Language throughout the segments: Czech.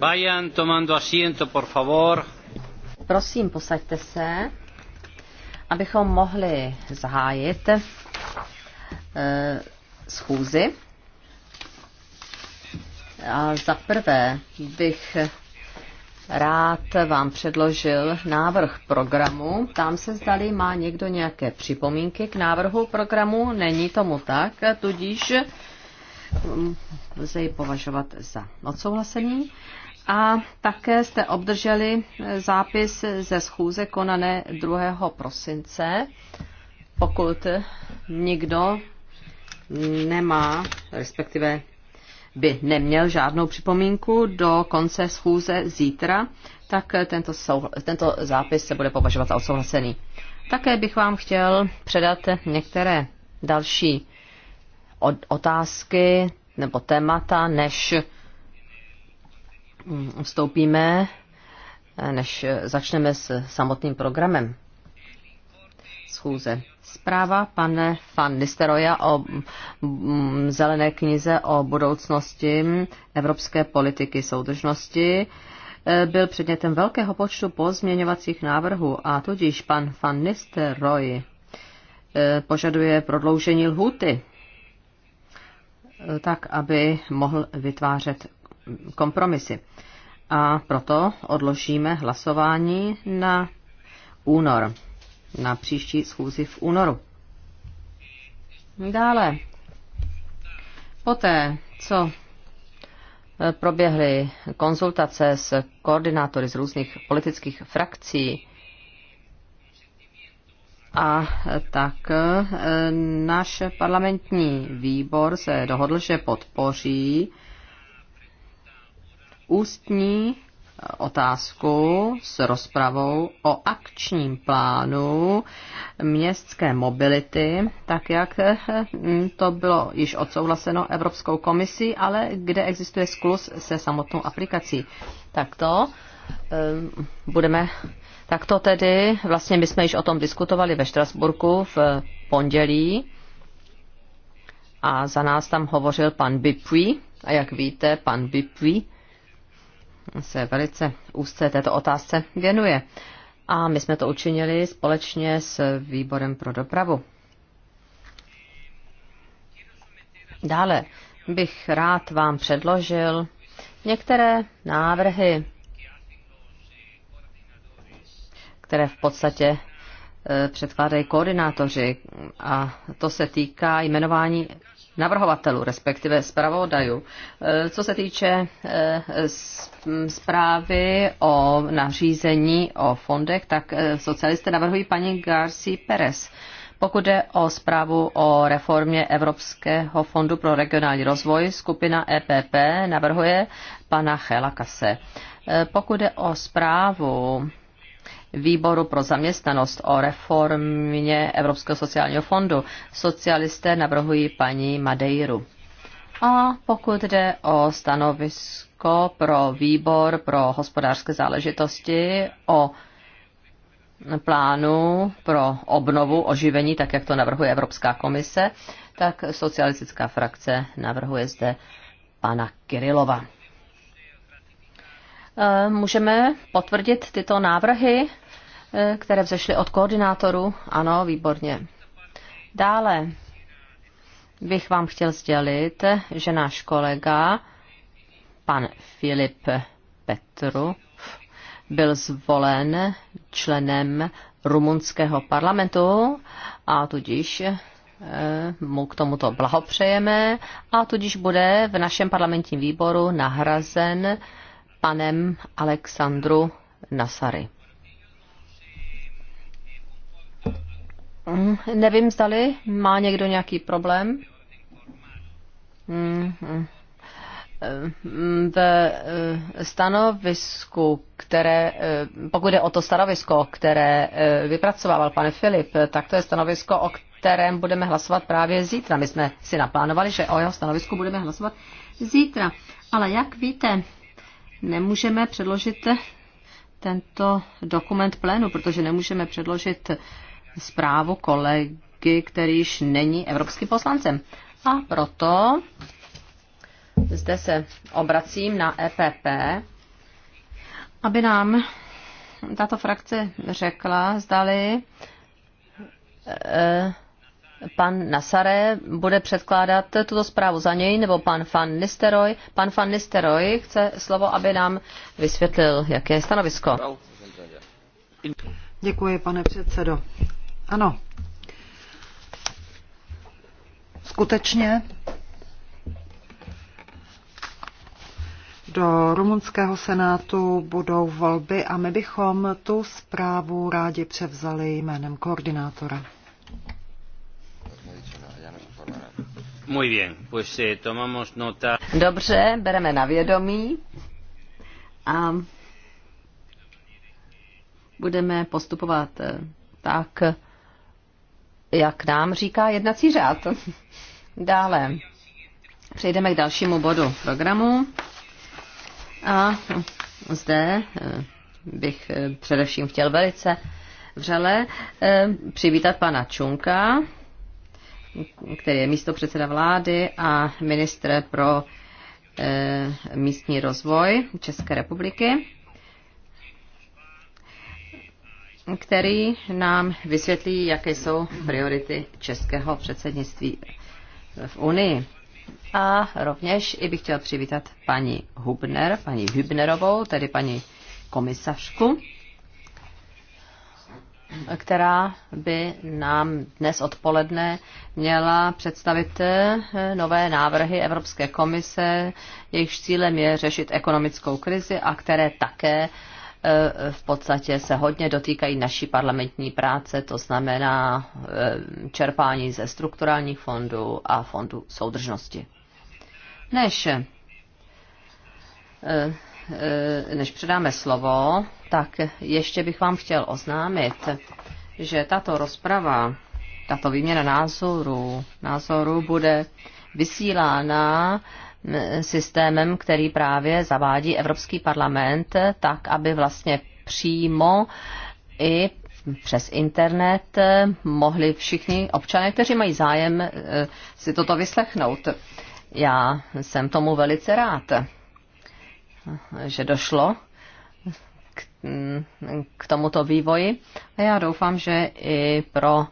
Vayan tomando asiento, por favor. Prosím, posaďte se, abychom mohli zahájit eh, schůzi. A za prvé bych rád vám předložil návrh programu. Tam se zdali má někdo nějaké připomínky k návrhu programu. Není tomu tak, tudíž hm, lze ji považovat za odsouhlasení a také jste obdrželi zápis ze schůze konané 2. prosince. Pokud nikdo nemá, respektive by neměl žádnou připomínku do konce schůze zítra, tak tento, souhla, tento zápis se bude považovat za odsouhlasený. Také bych vám chtěl předat některé další otázky nebo témata, než vstoupíme, než začneme s samotným programem schůze. Zpráva pane Fan Nisteroja o mm, zelené knize o budoucnosti evropské politiky soudržnosti e, byl předmětem velkého počtu pozměňovacích návrhů a tudíž pan Van Nisteroj e, požaduje prodloužení lhuty, e, tak aby mohl vytvářet kompromisy. A proto odložíme hlasování na únor, na příští schůzi v únoru. Dále, poté, co proběhly konzultace s koordinátory z různých politických frakcí, a tak e, náš parlamentní výbor se dohodl, že podpoří ústní otázku s rozpravou o akčním plánu městské mobility, tak jak to bylo již odsouhlaseno Evropskou komisí, ale kde existuje sklus se samotnou aplikací. Tak to eh, budeme tak to tedy, vlastně my jsme již o tom diskutovali ve Štrasburku v pondělí a za nás tam hovořil pan Bipui a jak víte, pan Bipui se velice úzce této otázce věnuje. A my jsme to učinili společně s výborem pro dopravu. Dále bych rád vám předložil některé návrhy, které v podstatě e, předkládají koordinátoři a to se týká jmenování navrhovatelů, respektive zpravodajů. E, co se týče e, zprávy o nařízení o fondech, tak e, socialisté navrhují paní Garci Perez. Pokud jde o zprávu o reformě Evropského fondu pro regionální rozvoj, skupina EPP navrhuje pana Chela Kase. Pokud jde o zprávu výboru pro zaměstnanost o reformě Evropského sociálního fondu. Socialisté navrhují paní Madeiru. A pokud jde o stanovisko pro výbor pro hospodářské záležitosti o plánu pro obnovu, oživení, tak jak to navrhuje Evropská komise, tak socialistická frakce navrhuje zde pana Kirilova. Eh, můžeme potvrdit tyto návrhy, eh, které vzešly od koordinátoru. Ano, výborně. Dále bych vám chtěl sdělit, že náš kolega, pan Filip Petru, byl zvolen členem rumunského parlamentu a tudíž eh, mu k tomuto blahopřejeme a tudíž bude v našem parlamentním výboru nahrazen panem Alexandru Nasary. Mm, nevím, zdali má někdo nějaký problém. Mm, mm. V eh, stanovisku, které, eh, pokud jde o to stanovisko, které eh, vypracovával pan Filip, tak to je stanovisko, o kterém budeme hlasovat právě zítra. My jsme si naplánovali, že o jeho stanovisku budeme hlasovat zítra. Ale jak víte, nemůžeme předložit tento dokument plénu, protože nemůžeme předložit zprávu kolegy, který již není evropským poslancem. A proto zde se obracím na EPP, aby nám tato frakce řekla, zdali e, pan Nasare bude předkládat tuto zprávu za něj, nebo pan Van Nisteroy. Pan Van Nisteroy chce slovo, aby nám vysvětlil, jaké je stanovisko. Děkuji, pane předsedo. Ano. Skutečně do rumunského senátu budou volby a my bychom tu zprávu rádi převzali jménem koordinátora. Muy bien, pues eh, tomamos nota. Dobře, bereme na vědomí a budeme postupovat eh, tak, jak nám říká jednací řád. Dále přejdeme k dalšímu bodu programu. A zde eh, bych eh, především chtěl velice vřele přivítat pana Čunka, který je místo předseda vlády a ministr pro e, místní rozvoj České republiky, který nám vysvětlí, jaké jsou priority českého předsednictví v Unii. A rovněž i bych chtěl přivítat paní Hubner, paní Hübnerovou, tedy paní komisařku která by nám dnes odpoledne měla představit eh, nové návrhy Evropské komise, jejichž cílem je řešit ekonomickou krizi a které také eh, v podstatě se hodně dotýkají naší parlamentní práce, to znamená eh, čerpání ze strukturálních fondů a fondů soudržnosti. Než, než předáme slovo tak ještě bych vám chtěl oznámit, že tato rozprava, tato výměna názorů, názorů bude vysílána systémem, který právě zavádí Evropský parlament, tak aby vlastně přímo i přes internet mohli všichni občané, kteří mají zájem, e, si toto vyslechnout. Já jsem tomu velice rád, že došlo Mm, k tomuto vývoji. A já doufám, že i pro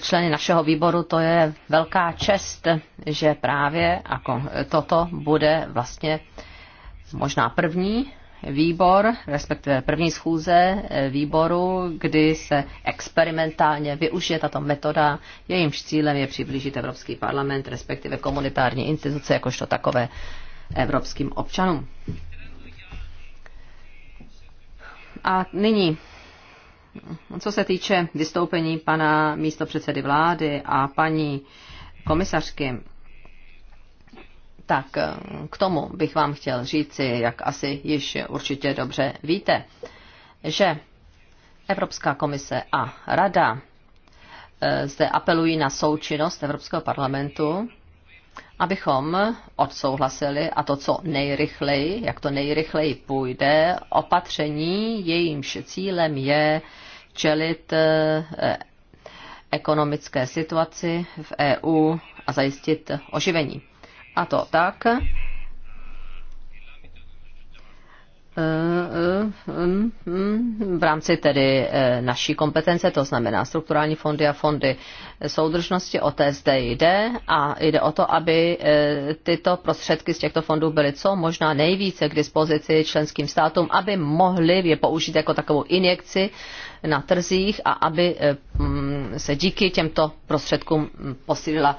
členy našeho výboru to je velká čest, že právě jako toto bude vlastně možná první výbor, respektive první schůze výboru, kdy se experimentálně využije tato metoda. Jejímž cílem je přiblížit Evropský parlament, respektive komunitární instituce jakožto takové evropským občanům. A nyní, co se týče vystoupení pana místopředsedy vlády a paní komisařky, tak eh, k tomu bych vám chtěl říci, jak asi již určitě dobře víte, že Evropská komise a Rada eh, zde apelují na součinnost Evropského parlamentu abychom odsouhlasili a to, co nejrychleji, jak to nejrychleji půjde, opatření, jejímž cílem je čelit eh, ekonomické situaci v EU a zajistit oživení. A to tak, E, e, e, v rámci tedy naší kompetence, to znamená strukturální fondy a fondy soudržnosti, o té zde jde a jde o to, aby tyto prostředky z těchto fondů byly co možná nejvíce k dispozici členským státům, aby mohli je použít jako takovou injekci na trzích a aby se díky těmto prostředkům posílila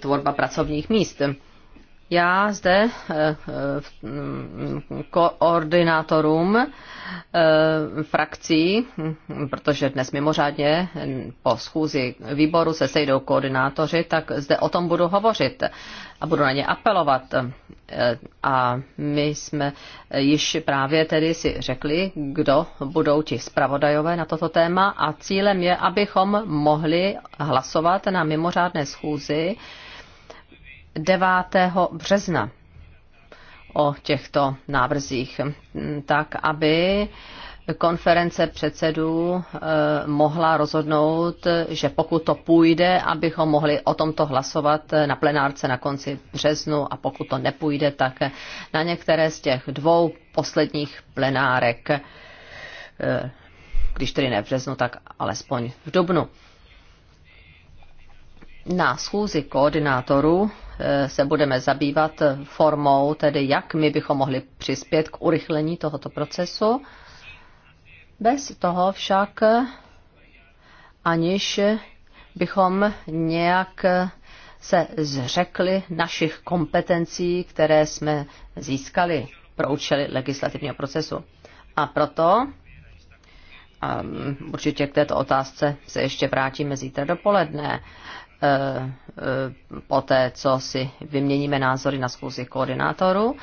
tvorba pracovních míst. Já zde eh, mm, koordinátorům eh, frakcí, hm, protože dnes mimořádně hm, po schůzi výboru se sejdou koordinátoři, tak zde o tom budu hovořit a budu na ně apelovat. Eh, a my jsme již právě tedy si řekli, kdo budou ti zpravodajové na toto téma a cílem je, abychom mohli hlasovat na mimořádné schůzi 9. března o těchto návrzích, tak aby konference předsedů eh, mohla rozhodnout, že pokud to půjde, abychom mohli o tomto hlasovat na plenárce na konci březnu a pokud to nepůjde, tak na některé z těch dvou posledních plenárek, eh, když tedy ne v březnu, tak alespoň v dubnu. Na schůzi koordinátorů Eh, se budeme zabývat formou, tedy jak my bychom mohli přispět k urychlení tohoto procesu. Bez toho však, aniž bychom nějak se zřekli našich kompetencí, které jsme získali pro účely legislativního procesu. A proto a určitě k této otázce se ještě vrátíme zítra dopoledne. Eh, eh, poté, co si vyměníme názory na schůzi koordinátorů.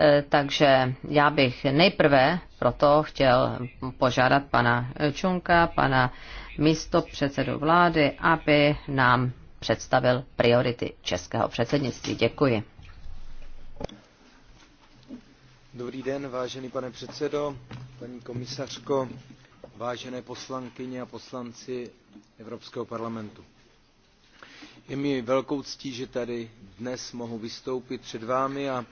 Eh, takže já bych nejprve proto chtěl požádat pana Čunka, pana místo předsedu vlády, aby nám představil priority českého předsednictví. Děkuji. Dobrý den, vážený pane předsedo, paní komisařko, vážené poslankyně a poslanci Evropského parlamentu je mi velkou ctí že tady dnes mohu vystoupit před vámi a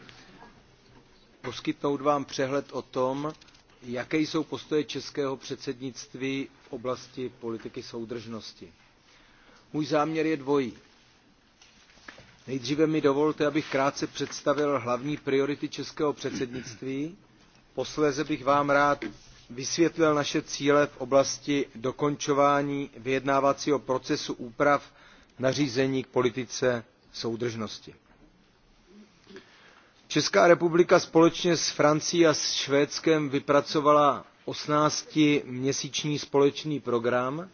poskytnout vám přehled o tom jaké jsou postoje českého předsednictví v oblasti politiky soudržnosti. můj záměr je dvojí. nejdříve mi dovolte abych krátce představil hlavní priority českého předsednictví posléze bych vám rád vysvětlil naše cíle v oblasti dokončování vyjednávacího procesu úprav nařízení k politice soudržnosti. česká republika společně s francií a s švédskem vypracovala osmnáctiměsíční společný program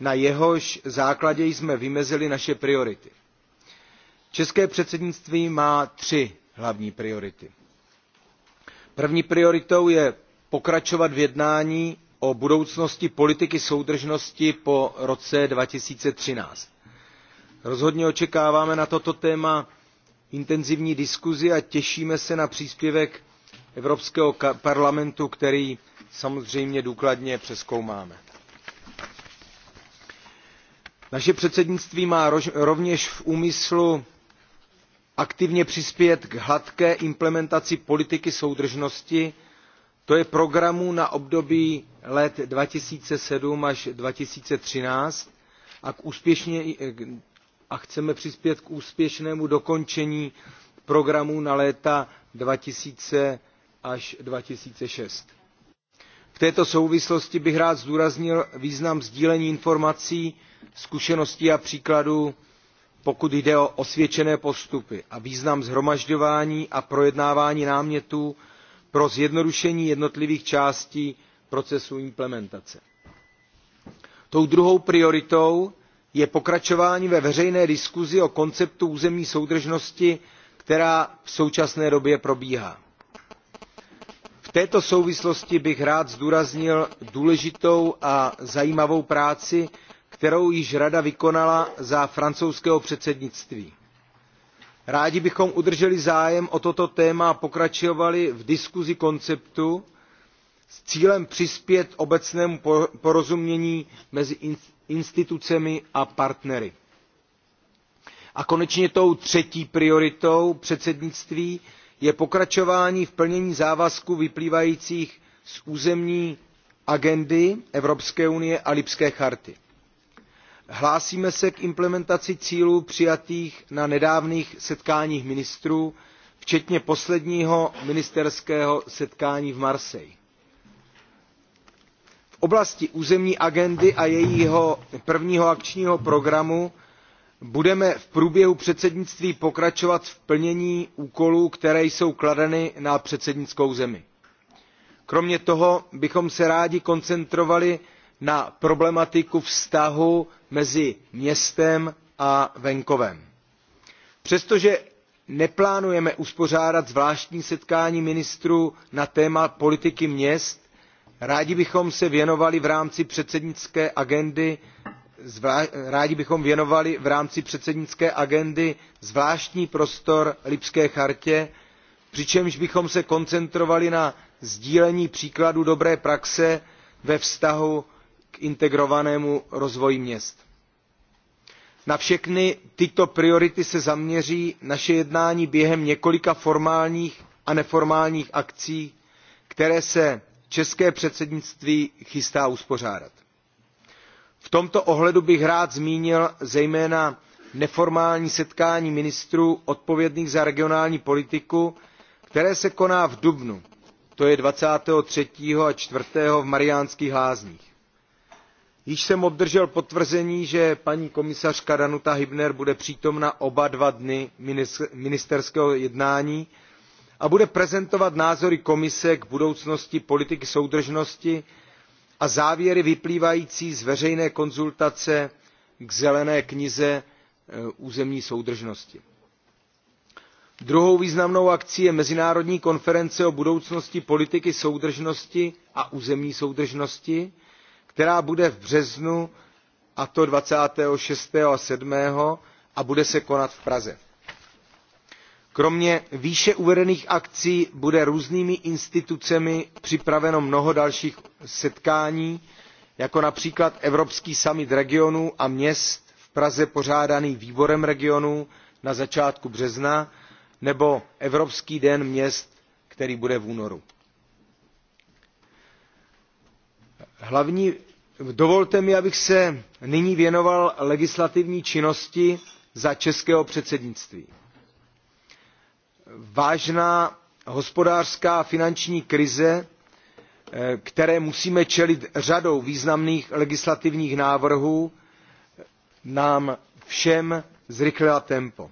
na jehož základě jsme vymezili naše priority. české předsednictví má tři hlavní priority. první prioritou je pokračovat v jednání o budoucnosti politiky soudržnosti po roce two thousand and thirteen rozhodně očekáváme na toto téma intenzivní diskusi a těšíme se na příspěvek evropského parlamentu který samozřejmě důkladně přezkoumáme. naše předsednictví má rovněž v úmyslu aktivně přispět k hladké implementaci politiky soudržnosti to je programu na období let two thousand and seven až two thousand and thirteen a k, úspěšně, a chceme přispět k úspěšnému dokončení programu na léta 2000 až 2006. V této souvislosti bych rád zdůraznil význam sdílení informací, zkušeností a příkladů, pokud jde o osvědčené postupy a význam zhromažďování a projednávání námětů pro zjednodušení jednotlivých částí procesu implementace. Tou druhou prioritou je pokračování ve veřejné diskusi o konceptu územní soudržnosti která v současné době probíhá. v této souvislosti bych rád zdůraznil důležitou a zajímavou práci kterou již rada vykonala za francouzského předsednictví. rádi bychom udrželi zájem o toto téma a pokračovali v diskusi konceptu s cílem přispět k obecnému porozumění mezi institucemi a partnery. A konečně tou třetí prioritou předsednictví je pokračování v plnění závazků vyplývajících z územní agendy Evropské unie a Lipské charty. Hlásíme se k implementaci cílů přijatých na nedávných setkáních ministrů, včetně posledního ministerského setkání v Marseille oblasti územní agendy a jejího prvního akčního programu budeme v průběhu předsednictví pokračovat v plnění úkolů které jsou kladeny na předsednickou zemi. kromě toho bychom se rádi koncentrovali na problematiku vztahu mezi městem a venkovem. přestože neplánujeme uspořádat zvláštní setkání ministrů na téma politiky měst rádi bychom se věnovali v rámci předsednické agendy rádi bychom věnovali v rámci předsednické agendy zvláštní prostor lipské chartě přičemž bychom se koncentrovali na sdílení příkladů dobré praxe ve vztahu k integrovanému rozvoji měst. na všechny tyto priority se zaměří naše jednání během několika formálních a neformálních akcí které se české předsednictví chystá uspořádat. v tomto ohledu bych rád zmínil zejména neformální setkání ministrů odpovědných za regionální politiku které se koná v dubnu to je. twenty three a. four v mariánských lázních. již jsem obdržel potvrzení že paní komisařka danuta hübnerová bude přítomna oba dva dny ministerského jednání a bude prezentovat názory komise k budoucnosti politiky soudržnosti a závěry vyplývající z veřejné konzultace k zelené knize e, územní soudržnosti. druhou významnou akcí je mezinárodní konference o budoucnosti politiky soudržnosti a územní soudržnosti která bude v březnu a to twenty six a. seven a bude se konat v praze kromě výše uvedených akcí bude různými institucemi připraveno mnoho dalších setkání jako například evropský summit regionů a měst v praze pořádaný výborem regionů na začátku března nebo evropský den měst který bude v únoru. dovolte mi abych se nyní věnoval legislativní činnosti za českého předsednictví vážná hospodářská a finanční krize eh, které musíme čelit řadou významných legislativních návrhů nám všem zrychlila tempo.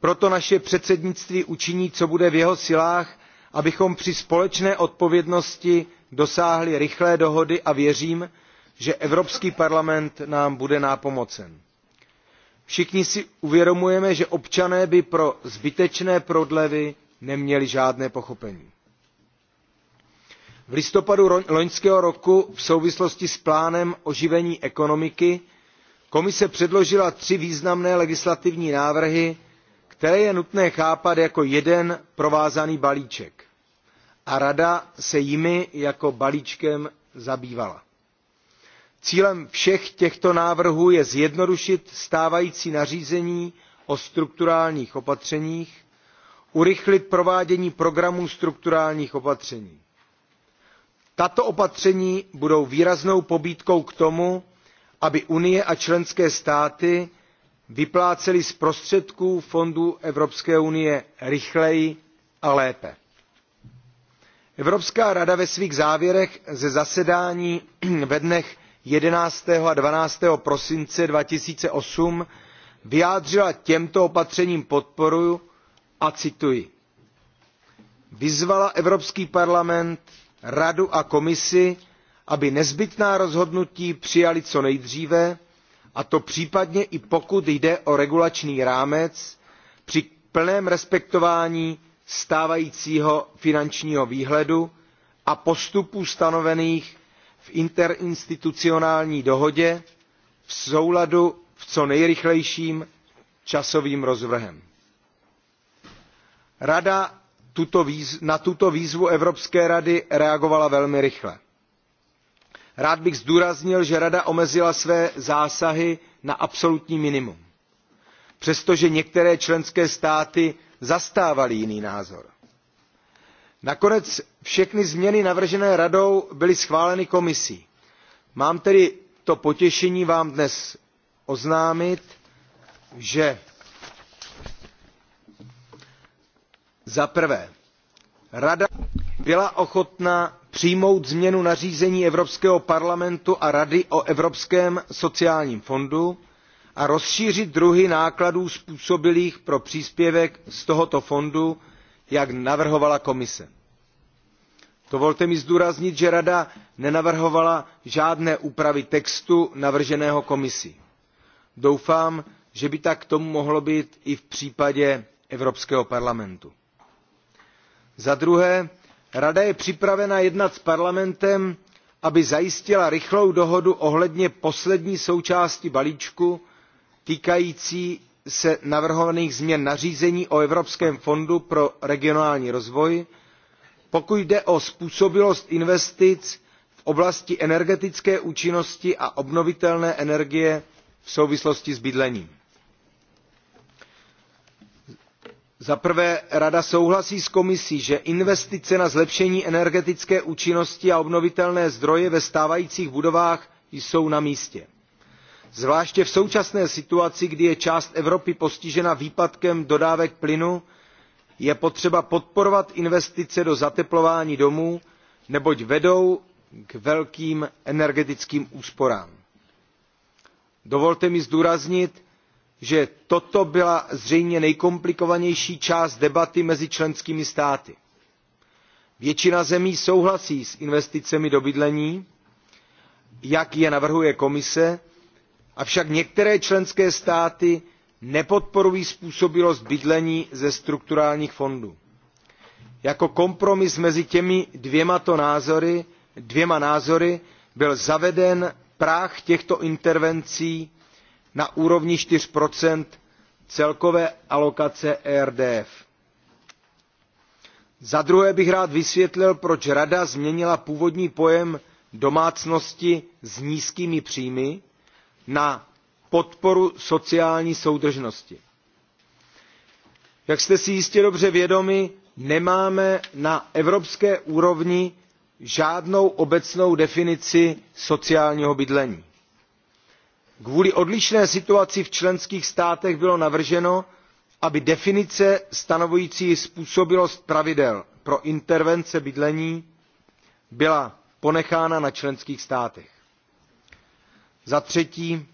proto naše předsednictví učiní co bude v jeho silách abychom při společné odpovědnosti dosáhli rychlé dohody a věřím že evropský parlament nám bude nápomocen všichni si uvědomujeme že občané by pro zbytečné prodlevy neměli žádné pochopení. v listopadu loňského roku v souvislosti s plánem oživení ekonomiky komise předložila tři významné legislativní návrhy které je nutné chápat jako jeden provázaný balíček a rada se jimi jako balíčkem zabývala cílem všech těchto návrhů je zjednodušit stávající nařízení o strukturálních opatřeních urychlit provádění programů strukturálních opatření. tato opatření budou výraznou pobídkou k tomu aby unie a členské státy vyplácely z prostředků fondů evropské unie rychleji a lépe. evropská rada ve svých závěrech ze zasedání ve dnech eleven a twelve prosince two thousand and eight vyjádřila těmto opatřením podporu a cituji vyzvala evropský parlament radu a komisi aby nezbytná rozhodnutí přijaly co nejdříve a to případně i pokud jde o regulační rámec při plném respektování stávajícího finančního výhledu a postupů stanovených v interinstitucionální dohodě v souladu s co nejrychlejším časovým rozvrhem. rada na tuto výzvu evropské rady reagovala velmi rychle. rád bych zdůraznil že rada omezila své zásahy na absolutní minimum přestože některé členské státy zastávaly jiný názor nakonec všechny změny navržené radou byly schváleny komisí. mám tedy to potěšení vám dnes oznámit že za prvé rada byla ochotna přijmout změnu nařízení evropského parlamentu a rady o evropském sociálním fondu a rozšířit druhy nákladů způsobilých pro příspěvek z tohoto fondu jak navrhovala komise. dovolte mi zdůraznit že rada nenavrhovala žádné úpravy textu navrženého komisí. doufám že by tak tomu mohlo být i v případě evropského parlamentu. za druhé rada je připravena jednat s parlamentem aby zajistila rychlou dohodu ohledně poslední součásti balíčku týkající se navrhovaných změn nařízení o evropském fondu pro regionální rozvoj pokud jde o způsobilost investic v oblasti energetické účinnosti a obnovitelné energie v souvislosti s bydlením. za prvé rada souhlasí s komisí že investice na zlepšení energetické účinnosti a obnovitelné zdroje ve stávajících budovách jsou na místě zvláště v současné situaci kdy je část evropy postižena výpadkem dodávek plynu je potřeba podporovat investice do zateplování domů neboť vedou k velkým energetickým úsporám. dovolte mi zdůraznit že toto byla zřejmě nejkomplikovanější část debaty mezi členskými státy. většina zemí souhlasí s investicemi do bydlení jak je navrhuje komise avšak některé členské státy nepodporují způsobilost bydlení ze strukturálních fondů. jako kompromis mezi těmi dvěma, názory, dvěma názory byl zaveden práh těchto intervencí na úrovni four celkové alokace erdf. za druhé bych rád vysvětlil proč rada změnila původní pojem domácnosti s nízkými příjmy na podporu sociální soudržnosti. Jak jste si jistě dobře vědomi, nemáme na evropské úrovni žádnou obecnou definici sociálního bydlení. Kvůli odlišné situaci v členských státech bylo navrženo, aby definice stanovující způsobilost pravidel pro intervence bydlení byla ponechána na členských státech za třetí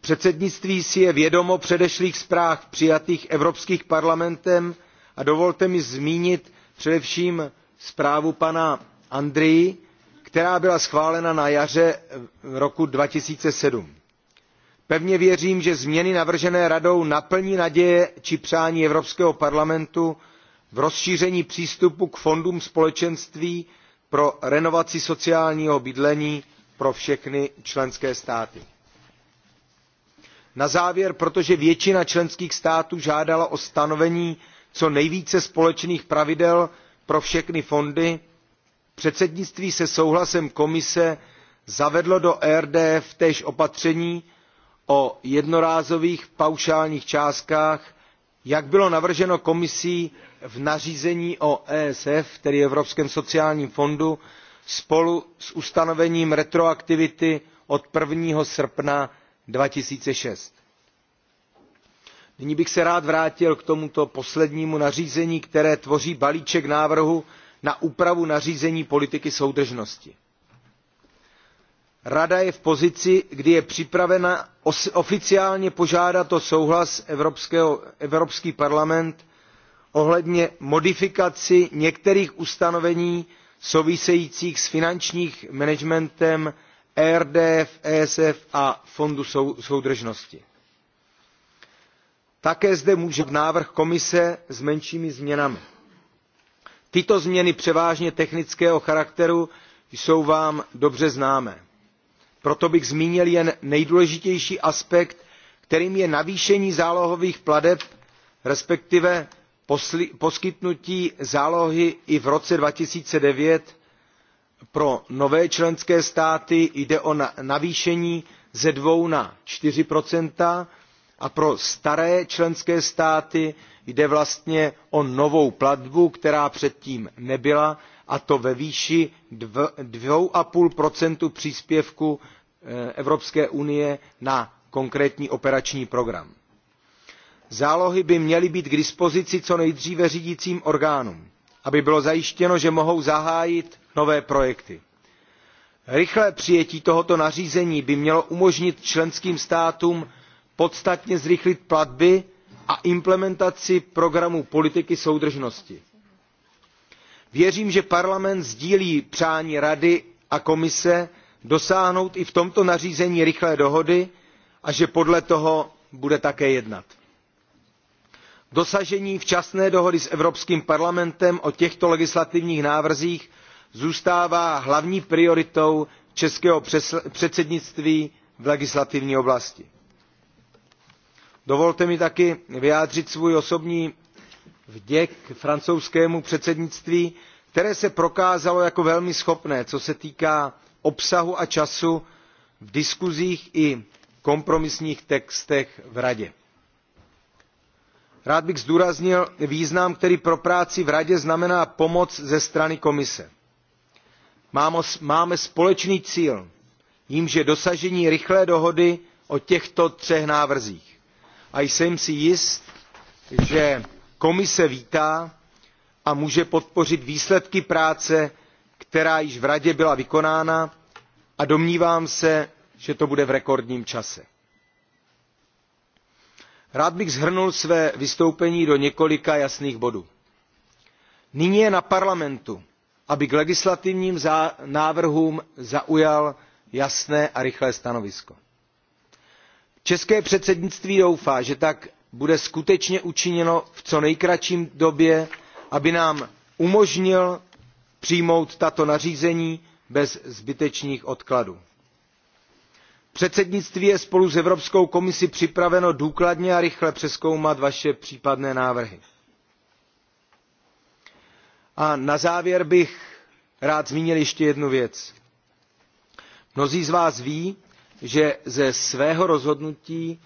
předsednictví si je vědomo předešlých zpráv přijatých evropským parlamentem a dovolte mi zmínit především zprávu pana andrii která byla schválena na jaře roku. two thousand and seven pevně věřím že změny navržené radou naplní naděje či přání evropského parlamentu v rozšíření přístupu k fondům společenství pro renovaci sociálního bydlení pro všechny členské státy. Na závěr, protože většina členských států žádala o stanovení co nejvíce společných pravidel pro všechny fondy, předsednictví se souhlasem komise zavedlo do erdf též opatření o jednorázových paušálních částkách jak bylo navrženo komisí v nařízení o esf tedy evropském sociálním fondu spolu s ustanovením retroaktivity od. one srpna. two thousand and six nyní bych se rád vrátil k tomuto poslednímu nařízení které tvoří balíček návrhu na úpravu nařízení politiky soudržnosti. rada je v pozici kdy je připravena oficiálně požádat o souhlas Evropského, evropský parlament ohledně modifikace některých ustanovení souvisejících s finančním managementem erdf esf a fondu soudržnosti. také zde může návrh komise s menšími změnami. tyto změny převážně technického charakteru jsou vám dobře známé. proto bych zmínil jen nejdůležitější aspekt kterým je navýšení zálohových plateb respektive poskytnutí zálohy i v roce two thousand and nine pro nové členské státy jde o navýšení ze two na four a pro staré členské státy jde vlastně o novou platbu která předtím nebyla a to ve výši two five příspěvku eh, evropské unie na konkrétní operační program zálohy by měly být k dispozici co nejdříve řídícím orgánům aby bylo zajištěno že mohou zahájit nové projekty. rychlé přijetí tohoto nařízení by mělo umožnit členským státům podstatně zrychlit platby a implementaci programů politiky soudržnosti. věřím že parlament sdílí přání rady a komise dosáhnout i v tomto nařízení rychlé dohody a že podle toho bude také jednat dosažení včasné dohody s evropským parlamentem o těchto legislativních návrzích zůstává hlavní prioritou českého předsednictví v legislativní oblasti. dovolte mi také vyjádřit svůj osobní vděk francouzskému předsednictví které se prokázalo jako velmi schopné co se týká obsahu a času v diskusích i kompromisních textech v radě rád bych zdůraznil význam který pro práci v radě znamená pomoc ze strany komise. máme společný cíl jímž je dosažení rychlé dohody o těchto třech návrzích a jsem si jist že komise vítá a může podpořit výsledky práce která již v radě byla vykonána a domnívám se že to bude v rekordním čase rád bych shrnul své vystoupení do několika jasných bodů. nyní je na parlamentu aby k legislativním návrhům zaujal jasné a rychlé stanovisko. české předsednictví doufá že tak bude skutečně učiněno v co nejkratší době aby nám umožnil přijmout tato nařízení bez zbytečných odkladů předsednictví je spolu s evropskou komisí připraveno důkladně a rychle přezkoumat vaše případné návrhy. a na závěr bych rád zmínil ještě jednu věc. mnozí z vás ví že ze svého rozhodnutí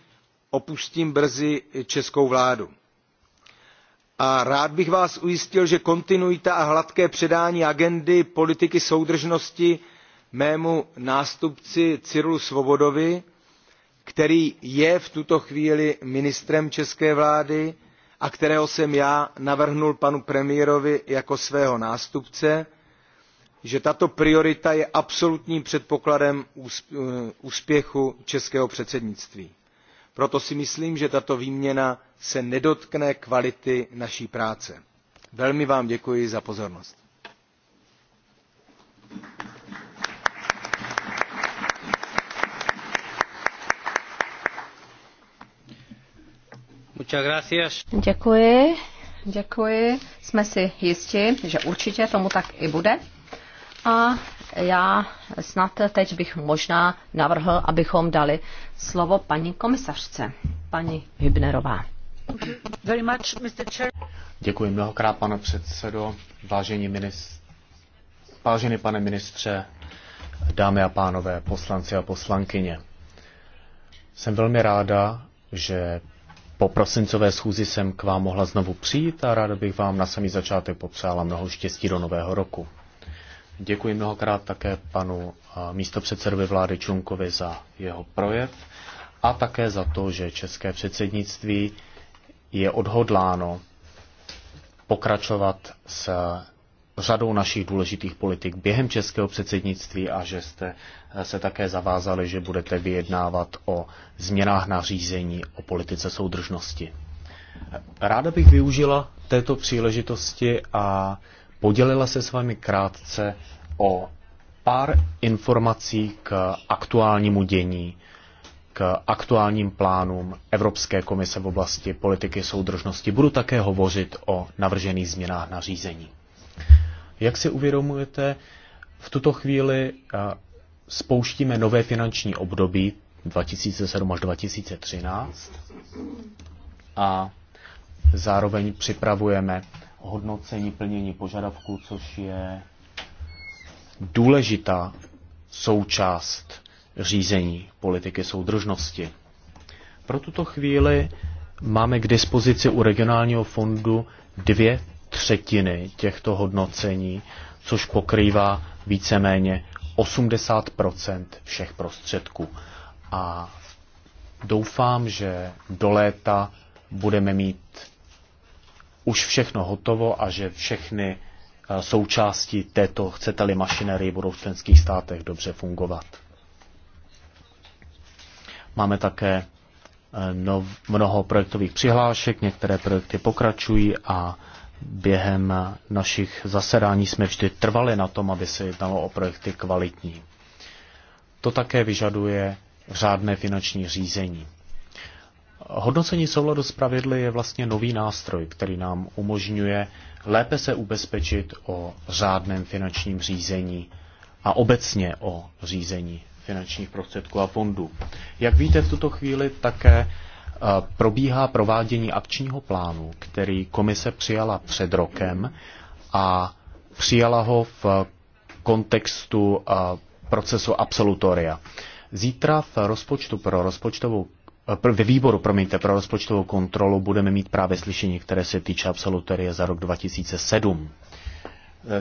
opustím brzy českou vládu a rád bych vás ujistil že kontinuita a hladké předání agendy politiky soudržnosti mému nástupci cyrilu svobodovi který je v tuto chvíli ministrem české vlády a kterého jsem já navrhl panu premiérovi jako svého nástupce že tato priorita je absolutním předpokladem eh, úspěchu českého předsednictví. proto si myslím že tato výměna se nedotkne kvality naší práce. velmi vám děkuji za pozornost. Děkuji, děkuji. Jsme si jisti, že určitě tomu tak i bude. A já snad teď bych možná navrhl, abychom dali slovo paní komisařce, paní Hybnerová. Děkuji mnohokrát, pane předsedo, vážení ministr, vážený pane ministře, dámy a pánové, poslanci a poslankyně. Jsem velmi ráda, že po prosincové schůzi jsem k vám mohla znovu přijít a ráda bych vám na samý začátek popřála mnoho štěstí do nového roku. Děkuji mnohokrát také panu místopředsedovi vlády Čunkovi za jeho projev a také za to, že české předsednictví je odhodláno pokračovat s řadou našich důležitých politik během českého předsednictví a že jste eh, se také zavázali, že budete vyjednávat o změnách nařízení o politice soudržnosti. Ráda bych využila této příležitosti a podělila se s vámi krátce o pár informací k aktuálnímu dění, k aktuálním plánům Evropské komise v oblasti politiky soudržnosti. Budu také hovořit o navržených změnách nařízení. Jak si uvědomujete, v tuto chvíli spouštíme nové finanční období 2007 až 2013 a zároveň připravujeme hodnocení plnění požadavků, což je důležitá součást řízení politiky soudržnosti. Pro tuto chvíli máme k dispozici u regionálního fondu dvě třetiny těchto hodnocení, což pokrývá víceméně 80 všech prostředků. A doufám, že do léta budeme mít už všechno hotovo a že všechny eh, součásti této, chcete-li, mašinerie budou v členských státech dobře fungovat. Máme také eh, mnoho projektových přihlášek, některé projekty pokračují a během našich zasedání jsme vždy trvali na tom, aby se jednalo o projekty kvalitní. To také vyžaduje řádné finanční řízení. Hodnocení souladu s pravidly je vlastně nový nástroj, který nám umožňuje lépe se ubezpečit o řádném finančním řízení a obecně o řízení finančních prostředků a fondů. Jak víte, v tuto chvíli také probíhá provádění akčního plánu, který komise přijala před rokem a přijala ho v kontextu procesu absolutoria. Zítra v rozpočtu pro rozpočtovou ve výboru, promiňte, pro rozpočtovou kontrolu budeme mít právě slyšení, které se týče absolutorie za rok 2007.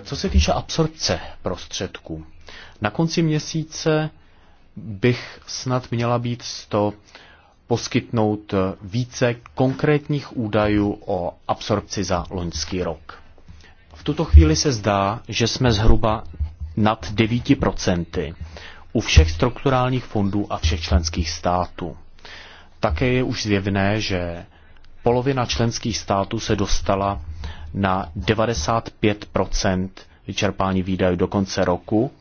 Co se týče absorpce prostředků, na konci měsíce bych snad měla být 100 poskytnout eh, více konkrétních údajů o absorpci za loňský rok. V tuto chvíli se zdá, že jsme zhruba nad 9% u všech strukturálních fondů a všech členských států. Také je už zjevné, že polovina členských států se dostala na 95 vyčerpání výdajů do konce roku.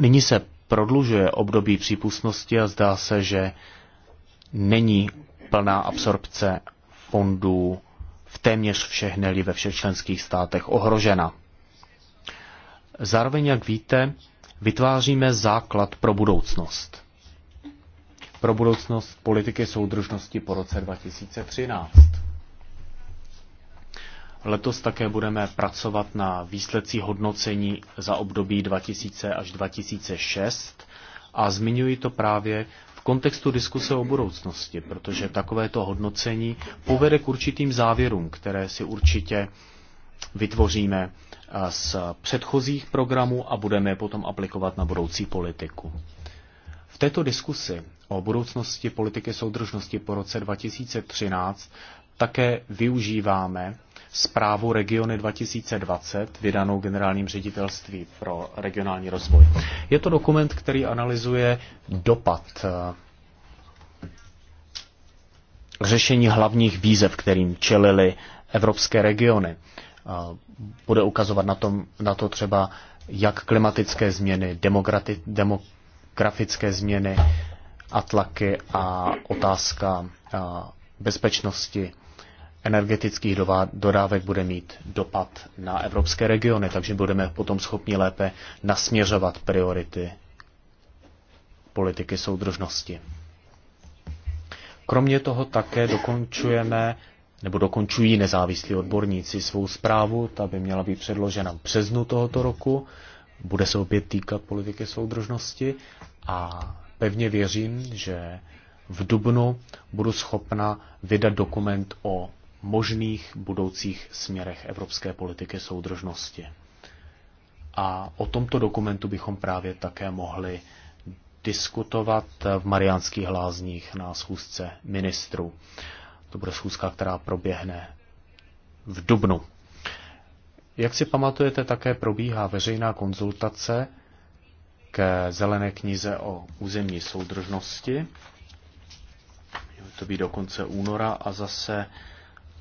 Nyní se prodlužuje období přípustnosti a zdá se, že není plná absorpce fondů v téměř všech, neli ve všech členských státech ohrožena. Zároveň, jak víte, vytváříme základ pro budoucnost. Pro budoucnost politiky soudržnosti po roce 2013. Letos také budeme pracovat na výsledcí hodnocení za období 2000 až 2006 a zmiňuji to právě v kontextu diskuse o budoucnosti, protože takovéto hodnocení povede k určitým závěrům, které si určitě vytvoříme eh, z předchozích programů a budeme je potom aplikovat na budoucí politiku. V této diskusi o budoucnosti politiky soudržnosti po roce 2013 také využíváme zprávu Regiony 2020, vydanou generálním ředitelství pro regionální rozvoj. Je to dokument, který analyzuje dopad eh, řešení hlavních výzev, kterým čelili evropské regiony. Eh, bude ukazovat na, tom, na to třeba, jak klimatické změny, demografické změny a tlaky a otázka eh, bezpečnosti energetických dodávek bude mít dopad na evropské regiony, takže budeme potom schopni lépe nasměřovat priority politiky soudržnosti. Kromě toho také dokončujeme nebo dokončují nezávislí odborníci svou zprávu, ta by měla být předložena v březnu tohoto roku, bude se opět týkat politiky soudržnosti a pevně věřím, že v Dubnu budu schopna vydat dokument o možných budoucích směrech evropské politiky soudržnosti. A o tomto dokumentu bychom právě také mohli diskutovat v Mariánských lázních na schůzce ministrů. To bude schůzka, která proběhne v Dubnu. Jak si pamatujete, také probíhá veřejná konzultace ke zelené knize o územní soudržnosti. to být do konce února a zase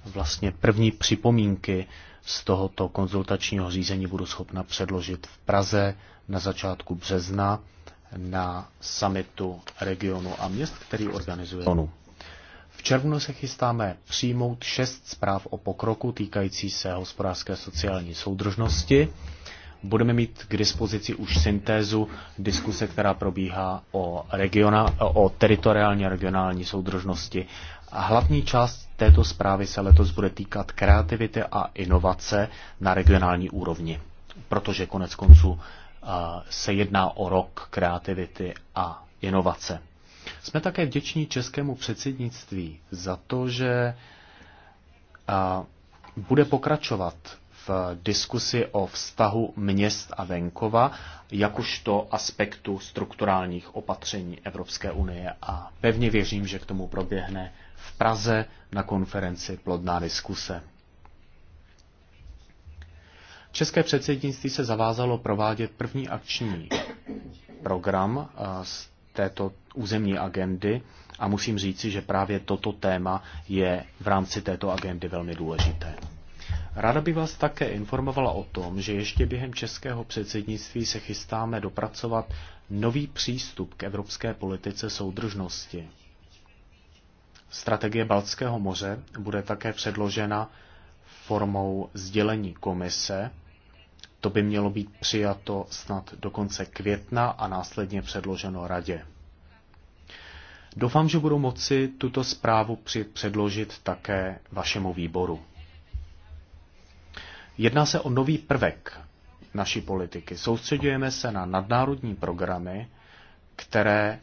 vlastně první připomínky z tohoto konzultačního řízení budu schopna předložit v Praze na začátku března na summitu regionu a měst, který organizuje ONU. V červnu se chystáme přijmout šest zpráv o pokroku týkající se hospodářské sociální soudržnosti. Budeme mít k dispozici už syntézu diskuse, která probíhá o, regiona, o teritoriální a regionální soudržnosti Hlavní část této zprávy se letos bude týkat kreativity a inovace na regionální úrovni, protože konec konců eh, se jedná o rok kreativity a inovace. Jsme také vděční českému předsednictví za to, že eh, bude pokračovat v diskusi o vztahu měst a venkova, jakožto aspektu strukturálních opatření Evropské unie a pevně věřím, že k tomu proběhne v Praze na konferenci Plodná diskuse. České předsednictví se zavázalo provádět první akční program eh, z této územní agendy a musím říci, že právě toto téma je v rámci této agendy velmi důležité. Ráda bych vás také informovala o tom, že ještě během českého předsednictví se chystáme dopracovat nový přístup k evropské politice soudržnosti. Strategie Baltského moře bude také předložena formou sdělení komise. To by mělo být přijato snad do konce května a následně předloženo radě. Doufám, že budu moci tuto zprávu předložit také vašemu výboru. Jedná se o nový prvek naší politiky. Soustředujeme se na nadnárodní programy, které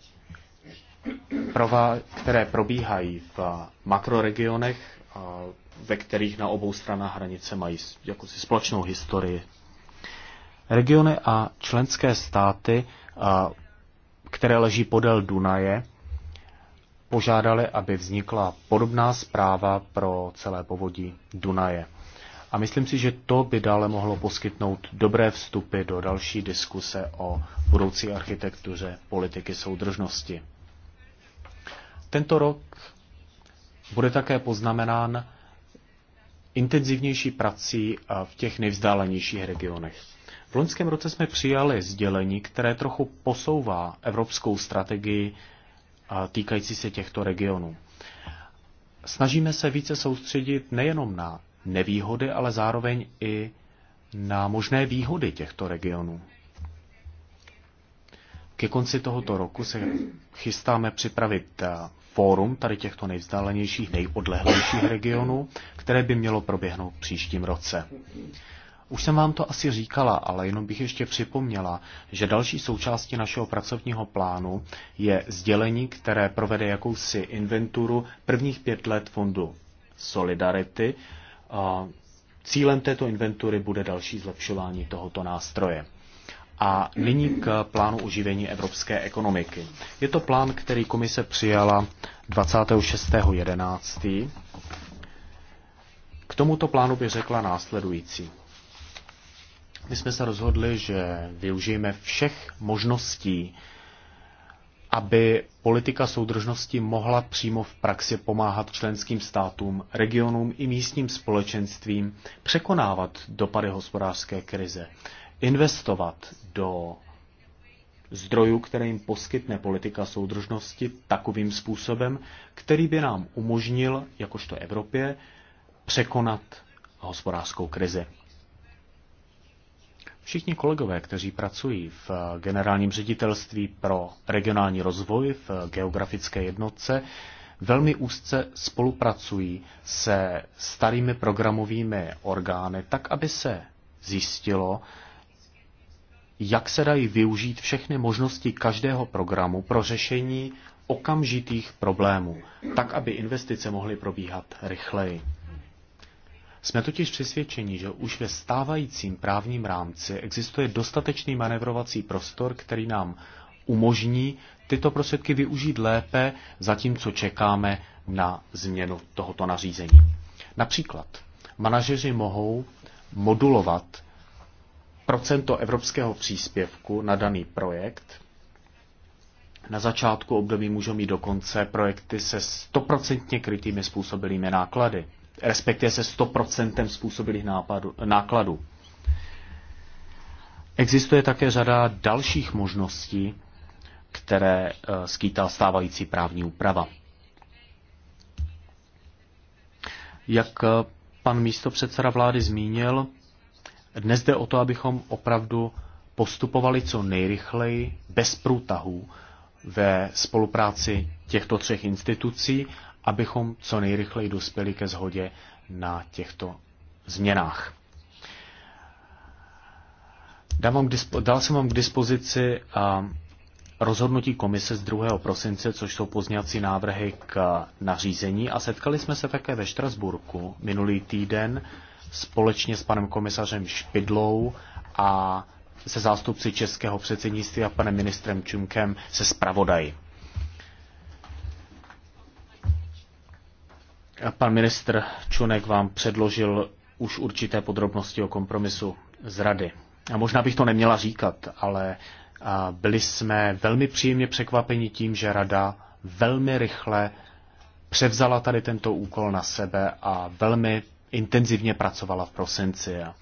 které probíhají v eh, makroregionech, eh, ve kterých na obou stranách hranice mají jakousi společnou historii. Regiony a členské státy, eh, které leží podél Dunaje, požádali, aby vznikla podobná zpráva pro celé povodí Dunaje. A myslím si, že to by dále mohlo poskytnout dobré vstupy do další diskuse o budoucí architektuře politiky soudržnosti. Tento rok bude také poznamenán intenzivnější prací v těch nejvzdálenějších regionech. V loňském roce jsme přijali sdělení, které trochu posouvá evropskou strategii týkající se těchto regionů. Snažíme se více soustředit nejenom na nevýhody, ale zároveň i na možné výhody těchto regionů. Ke konci tohoto roku se chystáme připravit eh, fórum tady těchto nejvzdálenějších, nejodlehlejších regionů, které by mělo proběhnout v příštím roce. Už jsem vám to asi říkala, ale jenom bych ještě připomněla, že další součástí našeho pracovního plánu je sdělení, které provede jakousi inventuru prvních pět let fondu Solidarity. Cílem této inventury bude další zlepšování tohoto nástroje. A nyní k plánu oživení evropské ekonomiky. Je to plán, který komise přijala 26.11. K tomuto plánu by řekla následující. My jsme se rozhodli, že využijeme všech možností, aby politika soudržnosti mohla přímo v praxi pomáhat členským státům, regionům i místním společenstvím překonávat dopady hospodářské krize investovat do zdrojů, které jim poskytne politika soudržnosti takovým způsobem, který by nám umožnil, jakožto Evropě, překonat hospodářskou krizi. Všichni kolegové, kteří pracují v generálním ředitelství pro regionální rozvoj v geografické jednotce, velmi úzce spolupracují se starými programovými orgány, tak aby se zjistilo, jak se dají využít všechny možnosti každého programu pro řešení okamžitých problémů, tak aby investice mohly probíhat rychleji. Jsme totiž přesvědčeni, že už ve stávajícím právním rámci existuje dostatečný manevrovací prostor, který nám umožní tyto prostředky využít lépe, zatímco čekáme na změnu tohoto nařízení. Například manažeři mohou modulovat procento evropského příspěvku na daný projekt. Na začátku období můžou mít dokonce projekty se stoprocentně krytými způsobilými náklady, respektive se 100% způsobilých nápadu, nákladů. Existuje také řada dalších možností, které eh, skýtá stávající právní úprava. Jak eh, pan místo předseda vlády zmínil, dnes jde o to, abychom opravdu postupovali co nejrychleji, bez průtahů, ve spolupráci těchto třech institucí, abychom co nejrychleji dospěli ke shodě na těchto změnách. Dám dal jsem vám k dispozici rozhodnutí komise z 2. prosince, což jsou pozněvací návrhy k nařízení a setkali jsme se také ve Štrasburku minulý týden společně s panem komisařem Špidlou a se zástupci českého předsednictví a panem ministrem Čunkem se zpravodají. Pan ministr Čunek vám předložil už určité podrobnosti o kompromisu z rady. A možná bych to neměla říkat, ale byli jsme velmi příjemně překvapeni tím, že rada velmi rychle převzala tady tento úkol na sebe a velmi intenzivně pracovala v prosinci. A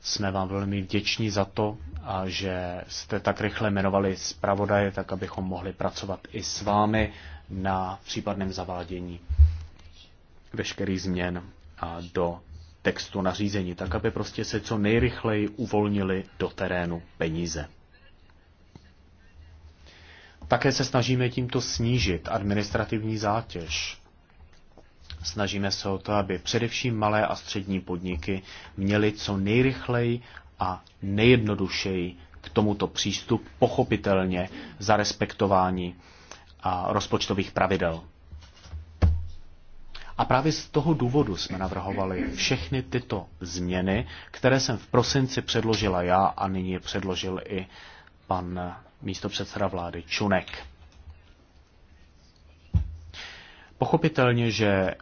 jsme vám velmi vděční za to, a že jste tak rychle jmenovali zpravodaje, tak abychom mohli pracovat i s vámi na případném zavádění veškerých změn a do textu nařízení, tak aby prostě se co nejrychleji uvolnili do terénu peníze. Také se snažíme tímto snížit administrativní zátěž Snažíme se o to, aby především malé a střední podniky měly co nejrychleji a nejjednodušeji k tomuto přístup pochopitelně za respektování a rozpočtových pravidel. A právě z toho důvodu jsme navrhovali všechny tyto změny, které jsem v prosinci předložila já a nyní je předložil i pan místopředseda vlády Čunek. Pochopitelně, že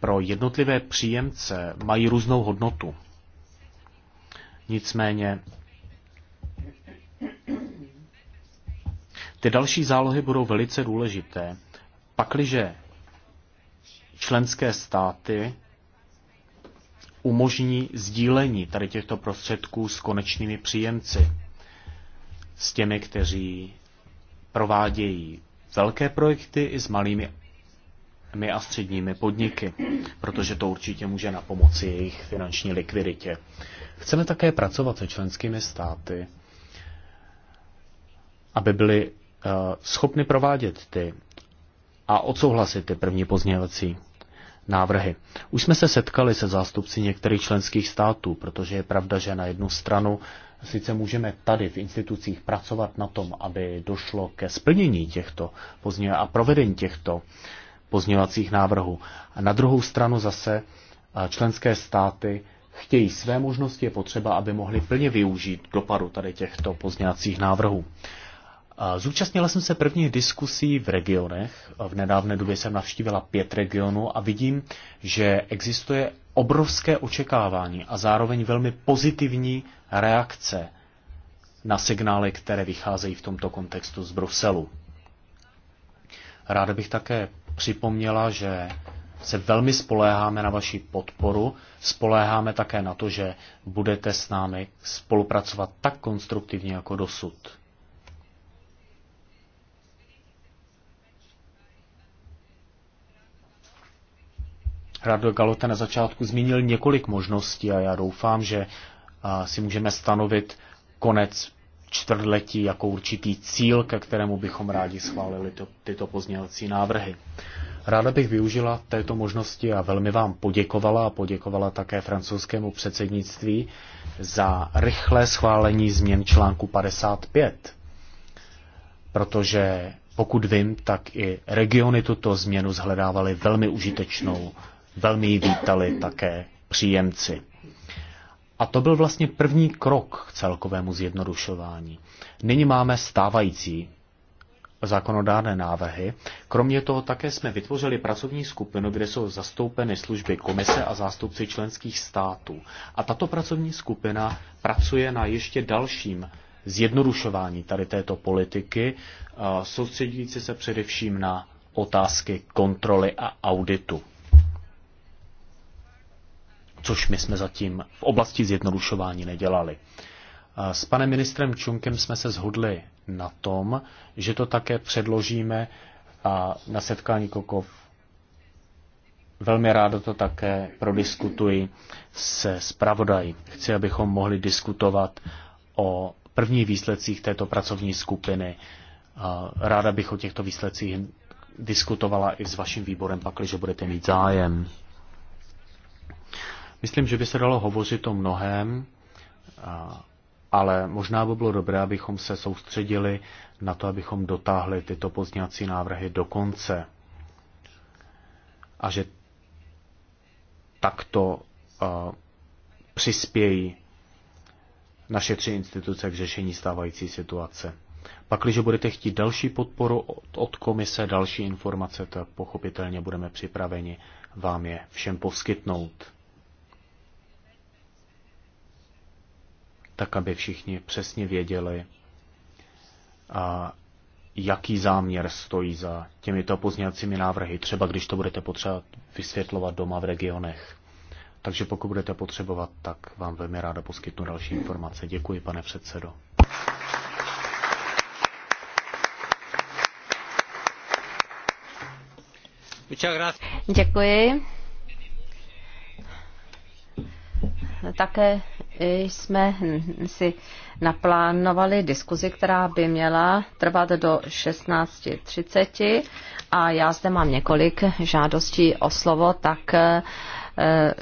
pro jednotlivé příjemce mají různou hodnotu. Nicméně ty další zálohy budou velice důležité. Pakliže členské státy umožní sdílení tady těchto prostředků s konečnými příjemci, s těmi, kteří provádějí velké projekty i s malými malými a středními podniky, protože to určitě může na pomoci jejich finanční likviditě. Chceme také pracovat se členskými státy, aby byly uh, eh, schopny provádět ty a odsouhlasit ty první pozměňovací návrhy. Už jsme se setkali se zástupci některých členských států, protože je pravda, že na jednu stranu sice můžeme tady v institucích pracovat na tom, aby došlo ke splnění těchto pozměňovacích a provedení těchto uh, pozměňovacích návrhů. A na druhou stranu zase eh, členské státy chtějí své možnosti, je potřeba, aby mohli plně využít dopadu tady těchto pozměňovacích návrhů. Eh, zúčastnila jsem se prvních diskusí v regionech. Eh, v nedávné době jsem navštívila pět regionů a vidím, že existuje obrovské očekávání a zároveň velmi pozitivní reakce na signály, které vycházejí v tomto kontextu z Bruselu. Ráda bych také připomněla, že se velmi spoléháme na vaši podporu, spoléháme také na to, že budete s námi spolupracovat tak konstruktivně jako dosud. Rado Galote na začátku zmínil několik možností a já doufám, že si můžeme stanovit konec čtvrtletí jako určitý cíl, ke kterému bychom rádi schválili to, tyto pozměňovací návrhy. Ráda bych využila této možnosti a velmi vám poděkovala a poděkovala také francouzskému předsednictví za rychlé schválení změn článku 55. Protože pokud vím, tak i regiony tuto změnu zhledávaly velmi užitečnou, velmi ji vítali také příjemci. A to byl vlastně první krok k celkovému zjednodušování. Nyní máme stávající zákonodárné návrhy. Kromě toho také jsme vytvořili pracovní skupinu, kde jsou zastoupeny služby komise a zástupci členských států. A tato pracovní skupina pracuje na ještě dalším zjednodušování tady této politiky, soustředující se především na otázky kontroly a auditu což my jsme zatím v oblasti zjednodušování nedělali. S panem ministrem Čunkem jsme se zhodli na tom, že to také předložíme a na setkání Kokov velmi rádo to také prodiskutuji se zpravodají. Chci, abychom mohli diskutovat o prvních výsledcích této pracovní skupiny. Ráda bych o těchto výsledcích diskutovala i s vaším výborem, pakliže budete mít zájem. Myslím, že by se dalo hovořit o mnohem, ale možná by bylo dobré, abychom se soustředili na to, abychom dotáhli tyto pozdňací návrhy do konce. A že takto přispějí naše tři instituce k řešení stávající situace. Pak, když budete chtít další podporu od komise, další informace, tak pochopitelně budeme připraveni vám je všem poskytnout. tak aby všichni přesně věděli, a jaký záměr stojí za těmito pozněcími návrhy, třeba když to budete potřebovat vysvětlovat doma v regionech. Takže pokud budete potřebovat, tak vám velmi ráda poskytnu další informace. Děkuji, pane předsedo. Děkuji. Také jsme si naplánovali diskuzi, která by měla trvat do 16.30 a já zde mám několik žádostí o slovo, tak eh,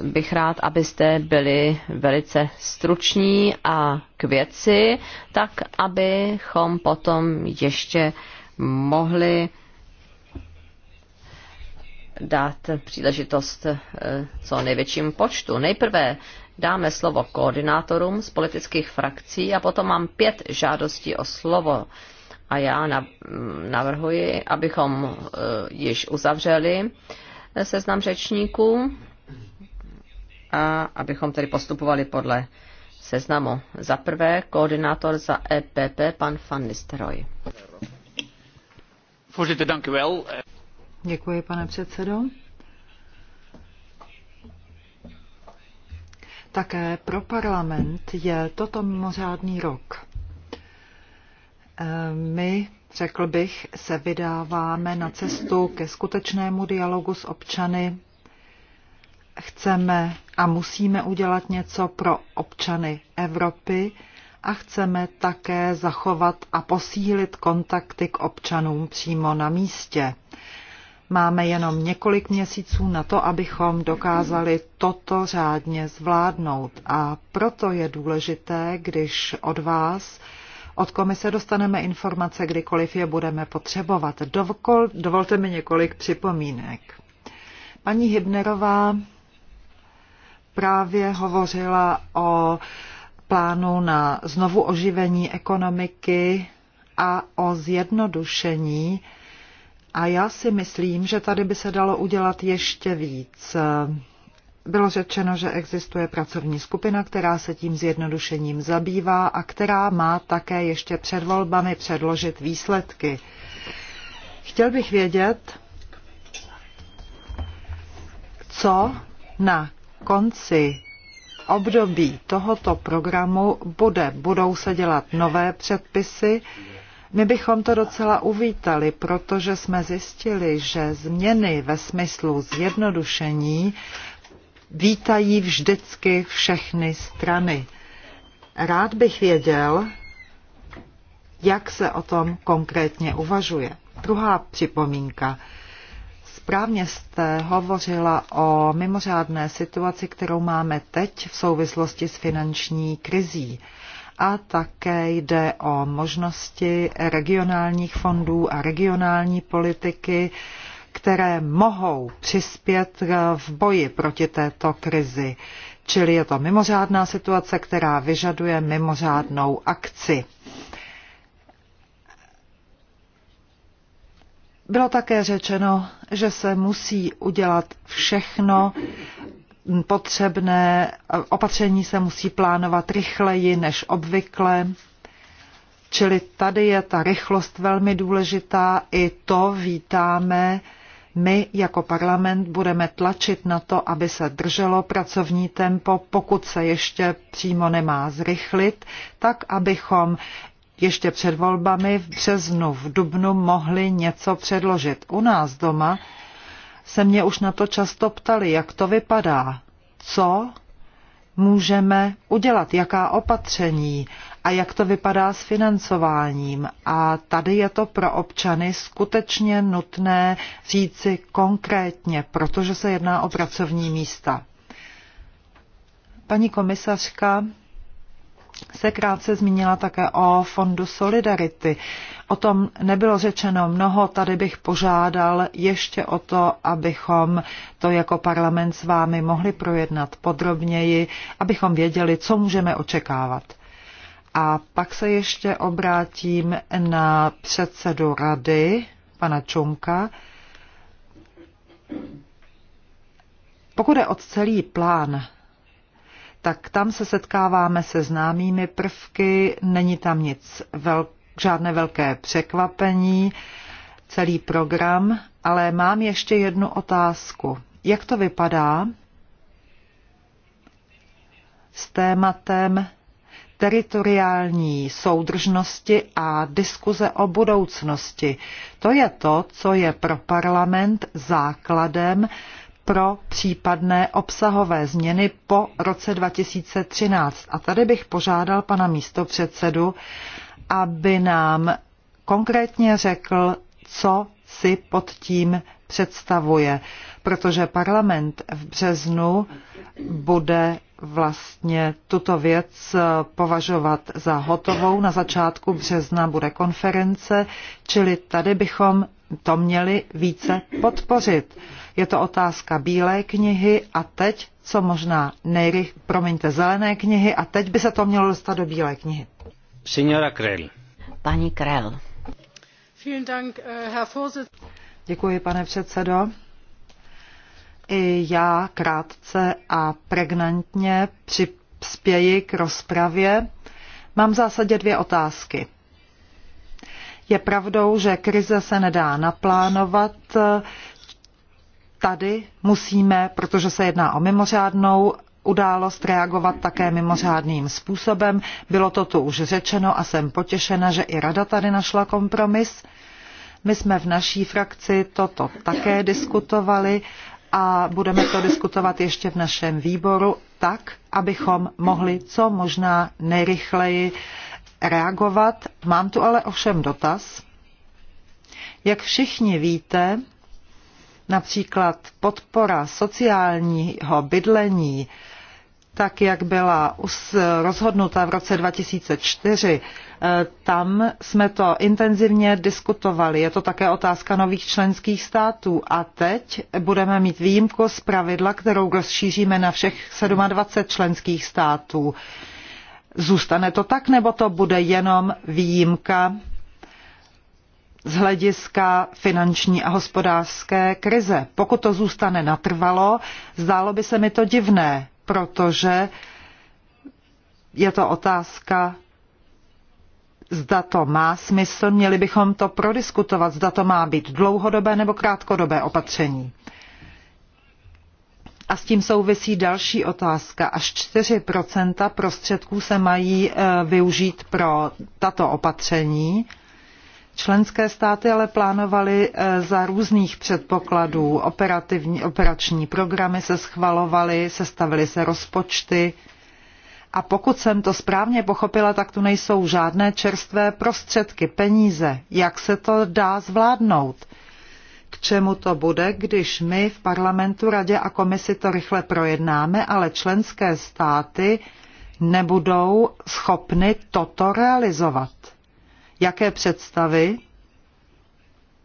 bych rád, abyste byli velice struční a k věci, tak abychom potom ještě mohli dát příležitost eh, co největším počtu. Nejprve dáme slovo koordinátorům z politických frakcí a potom mám pět žádostí o slovo. A já navrhuji, abychom eh, již uzavřeli eh, seznam řečníků a abychom tedy postupovali podle seznamu. Za prvé koordinátor za EPP, pan Van Nistelrooy. Voorzitter, dank u wel. Děkuji, pane předsedo. Také pro parlament je toto mimořádný rok. Ehm, my, řekl bych, se vydáváme na cestu ke skutečnému dialogu s občany. Chceme a musíme udělat něco pro občany Evropy a chceme také zachovat a posílit kontakty k občanům přímo na místě. Máme jenom několik měsíců na to, abychom dokázali toto řádně zvládnout. A proto je důležité, když od vás, od komise dostaneme informace, kdykoliv je budeme potřebovat. Dovkol, dovolte mi několik připomínek. Paní Hybnerová právě hovořila o plánu na znovu oživení ekonomiky a o zjednodušení a já si myslím, že tady by se dalo udělat ještě víc. Bylo řečeno, že existuje pracovní skupina, která se tím zjednodušením zabývá a která má také ještě před volbami předložit výsledky. Chtěl bych vědět, co na konci období tohoto programu bude. Budou se dělat nové předpisy, my bychom to docela uvítali, protože jsme zjistili, že změny ve smyslu zjednodušení vítají vždycky všechny strany. Rád bych věděl, jak se o tom konkrétně uvažuje. Druhá připomínka. Správně jste hovořila o mimořádné situaci, kterou máme teď v souvislosti s finanční krizí a také jde o možnosti regionálních fondů a regionální politiky, které mohou přispět v boji proti této krizi. Čili je to mimořádná situace, která vyžaduje mimořádnou akci. Bylo také řečeno, že se musí udělat všechno potřebné, opatření se musí plánovat rychleji než obvykle, čili tady je ta rychlost velmi důležitá, i to vítáme. My jako parlament budeme tlačit na to, aby se drželo pracovní tempo, pokud se ještě přímo nemá zrychlit, tak abychom ještě před volbami v březnu, v dubnu mohli něco předložit. U nás doma se mě už na to často ptali, jak to vypadá, co můžeme udělat, jaká opatření a jak to vypadá s financováním. A tady je to pro občany skutečně nutné říci konkrétně, protože se jedná o pracovní místa. Paní komisařka se krátce zmínila také o Fondu Solidarity. O tom nebylo řečeno mnoho, tady bych požádal ještě o to, abychom to jako parlament s vámi mohli projednat podrobněji, abychom věděli, co můžeme očekávat. A pak se ještě obrátím na předsedu rady, pana Čunka. Pokud je od celý plán, tak tam se setkáváme se známými prvky, není tam nic velkého žádné velké překvapení, celý program, ale mám ještě jednu otázku. Jak to vypadá s tématem teritoriální soudržnosti a diskuze o budoucnosti. To je to, co je pro parlament základem pro případné obsahové změny po roce 2013. A tady bych požádal pana místopředsedu, aby nám konkrétně řekl, co si pod tím představuje, protože parlament v březnu bude vlastně tuto věc považovat za hotovou. Na začátku března bude konference, čili tady bychom to měli více podpořit. Je to otázka bílé knihy a teď, co možná nejrych, promiňte, zelené knihy a teď by se to mělo dostat do bílé knihy. Äh, pane předsedající I já krátce a pregnantně přispěji k rozpravě. Mám v zásadě dvě otázky. Je pravdou, že krize se nedá naplánovat. Tady musíme, protože se jedná o mimořádnou událost reagovat také mimořádným způsobem. Bylo to tu už řečeno a jsem potěšena, že i Rada tady našla kompromis. My jsme v naší frakci toto také diskutovali a budeme to diskutovat ještě v našem výboru tak, abychom mohli co možná nejrychleji reagovat. Mám tu ale ovšem dotaz. Jak všichni víte, například podpora sociálního bydlení tak jak byla rozhodnuta v roce 2004, eh, tam jsme to intenzivně diskutovali. Je to také otázka nových členských států. A teď budeme mít výjimku z pravidla, kterou rozšíříme na všech 27 členských států. Zůstane to tak, nebo to bude jenom výjimka z hlediska finanční a hospodářské krize? Pokud to zůstane natrvalo, zdálo by se mi to divné protože je to otázka, zda to má smysl, měli bychom to prodiskutovat, zda to má být dlouhodobé nebo krátkodobé opatření. A s tím souvisí další otázka. Až 4 prostředků se mají eh, využít pro tato opatření Členské státy ale plánovaly eh, za různých předpokladů. Operativní, operační programy se schvalovaly, sestavily se rozpočty. A pokud jsem to správně pochopila, tak tu nejsou žádné čerstvé prostředky, peníze. Jak se to dá zvládnout? K čemu to bude, když my v parlamentu, radě a komisi to rychle projednáme, ale členské státy nebudou schopny toto realizovat? jaké představy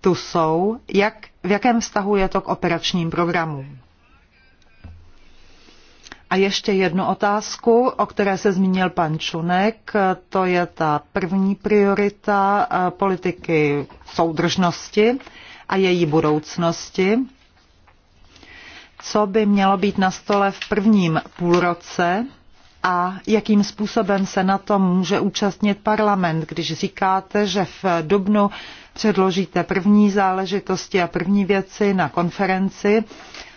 tu jsou, jak, v jakém vztahu je to k operačním programům. A ještě jednu otázku, o které se zmínil pan Čunek, to je ta první priorita eh, politiky soudržnosti a její budoucnosti. Co by mělo být na stole v prvním půlroce a jakým způsobem se na tom může účastnit parlament, když říkáte, že v Dubnu předložíte první záležitosti a první věci na konferenci,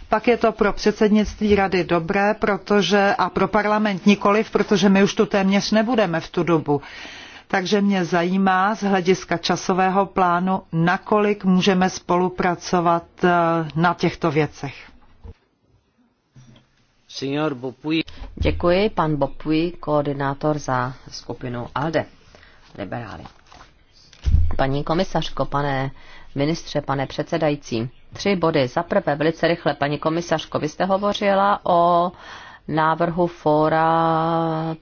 pak je to pro předsednictví rady dobré, protože, a pro parlament nikoliv, protože my už tu téměř nebudeme v tu dobu. Takže mě zajímá z hlediska časového plánu, nakolik můžeme spolupracovat eh, na těchto věcech. Děkuji, pan Bopuy, koordinátor za skupinu ALDE, liberály. Paní komisařko, pane ministře, pane předsedající, tři body. Za prvé, velice rychle, paní komisařko, vy jste hovořila o návrhu fóra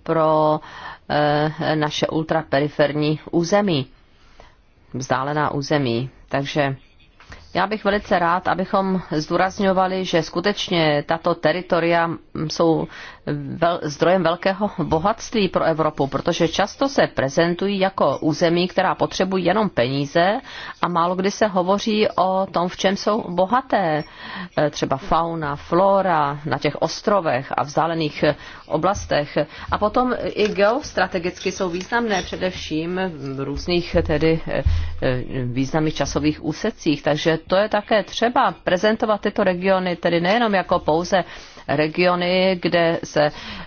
pro e, naše ultraperiferní území, vzdálená území. Takže já bych velice rád, abychom zdůrazňovali, že skutečně tato teritoria jsou vel, zdrojem velkého bohatství pro Evropu, protože často se prezentují jako území, která potřebují jenom peníze a málo kdy se hovoří o tom, v čem jsou bohaté. E, třeba fauna, flora na těch ostrovech a vzdálených e, oblastech. A potom i geostrategicky jsou významné především v různých tedy e, významných časových úsecích. Takže to je také třeba prezentovat tyto regiony tedy nejenom jako pouze regiony, kde se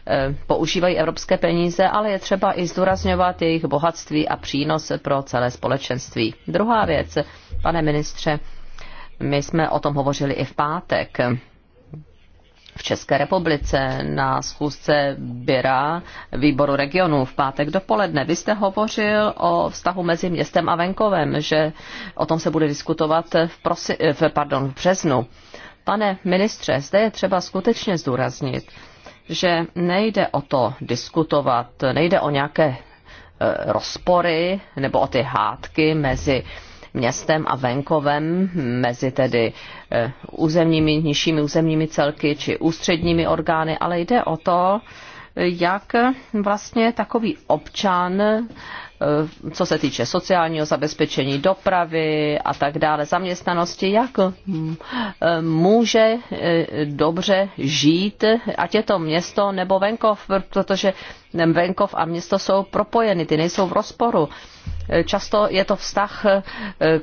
eh, používají evropské peníze, ale je třeba i zdůrazňovat jejich bohatství a přínos pro celé společenství. Druhá věc, pane ministře, my jsme o tom hovořili i v pátek v České republice na schůzce Byra výboru regionů v pátek dopoledne. Vy jste hovořil o vztahu mezi městem a venkovem, že o tom se bude diskutovat v, prosi, v, pardon, v březnu. Pane ministře, zde je třeba skutečně zdůraznit, že nejde o to diskutovat, nejde o nějaké e, rozpory nebo o ty hádky mezi městem a venkovem, mezi tedy e, územními, nižšími územními celky či ústředními orgány, ale jde o to, jak vlastně takový občan Eh, co se týče sociálního zabezpečení, dopravy a tak dále, zaměstnanosti, jak mm, eh, může eh, dobře žít, ať je to město nebo venkov, protože venkov a město jsou propojeny, ty nejsou v rozporu. Často je to vztah,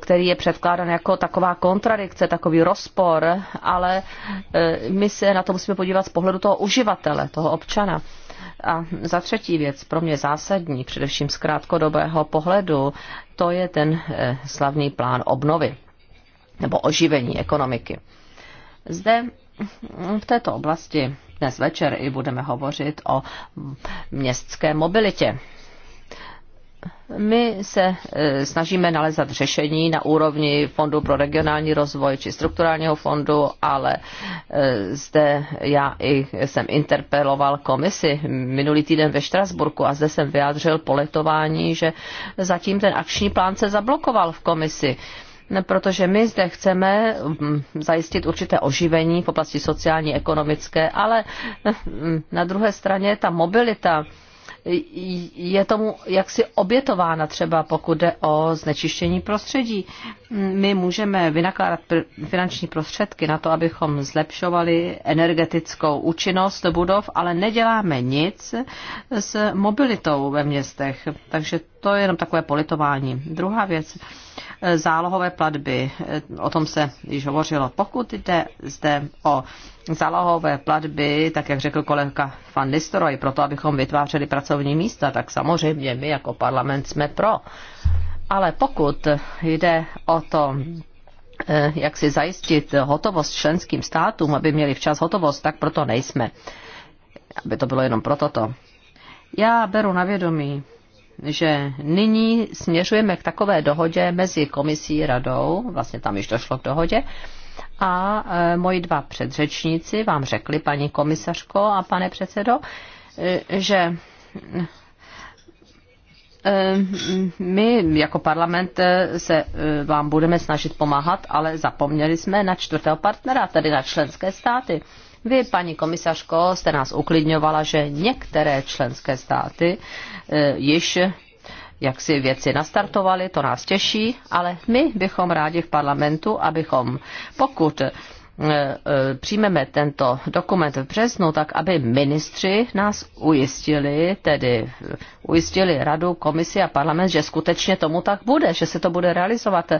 který je předkládán jako taková kontradikce, takový rozpor, ale my se na to musíme podívat z pohledu toho uživatele, toho občana. A za třetí věc, pro mě zásadní, především z krátkodobého pohledu, to je ten eh, slavný plán obnovy nebo oživení ekonomiky. Zde hm, v této oblasti dnes večer i budeme hovořit o městské mobilitě my se e, snažíme nalezat řešení na úrovni Fondu pro regionální rozvoj či strukturálního fondu, ale e, zde já i jsem interpeloval komisi minulý týden ve Štrasburku a zde jsem vyjádřil poletování, že zatím ten akční plán se zablokoval v komisi protože my zde chceme mm, zajistit určité oživení v oblasti sociální, ekonomické, ale mm, na druhé straně ta mobilita je tomu jaksi obětována třeba pokud jde o znečištění prostředí. My můžeme vynakládat finanční prostředky na to, abychom zlepšovali energetickou účinnost budov, ale neděláme nic s mobilitou ve městech. Takže to je jenom takové politování. Druhá věc, eh, zálohové platby, eh, o tom se již hovořilo. Pokud jde zde o zálohové platby, tak jak řekl kolega Van Nistelrooy, proto abychom vytvářeli pracovní místa, tak samozřejmě my jako parlament jsme pro. Ale pokud jde o to, eh, jak si zajistit hotovost členským státům, aby měli včas hotovost, tak proto nejsme. Aby to bylo jenom pro toto. Já beru na vědomí že nyní směřujeme k takové dohodě mezi komisí a radou, vlastně tam již došlo k dohodě, a e, moji dva předřečníci vám řekli, paní komisařko a pane předsedo, e, že e, my jako parlament se vám budeme snažit pomáhat, ale zapomněli jsme na čtvrtého partnera, tedy na členské státy. Vy, paní komisařko, jste nás uklidňovala, že některé členské státy e, již jak si věci nastartovaly, to nás těší, ale my bychom rádi v parlamentu, abychom, pokud eh, eh, přijmeme tento dokument v březnu, tak aby ministři nás ujistili, tedy ujistili radu, komisi a parlament, že skutečně tomu tak bude, že se to bude realizovat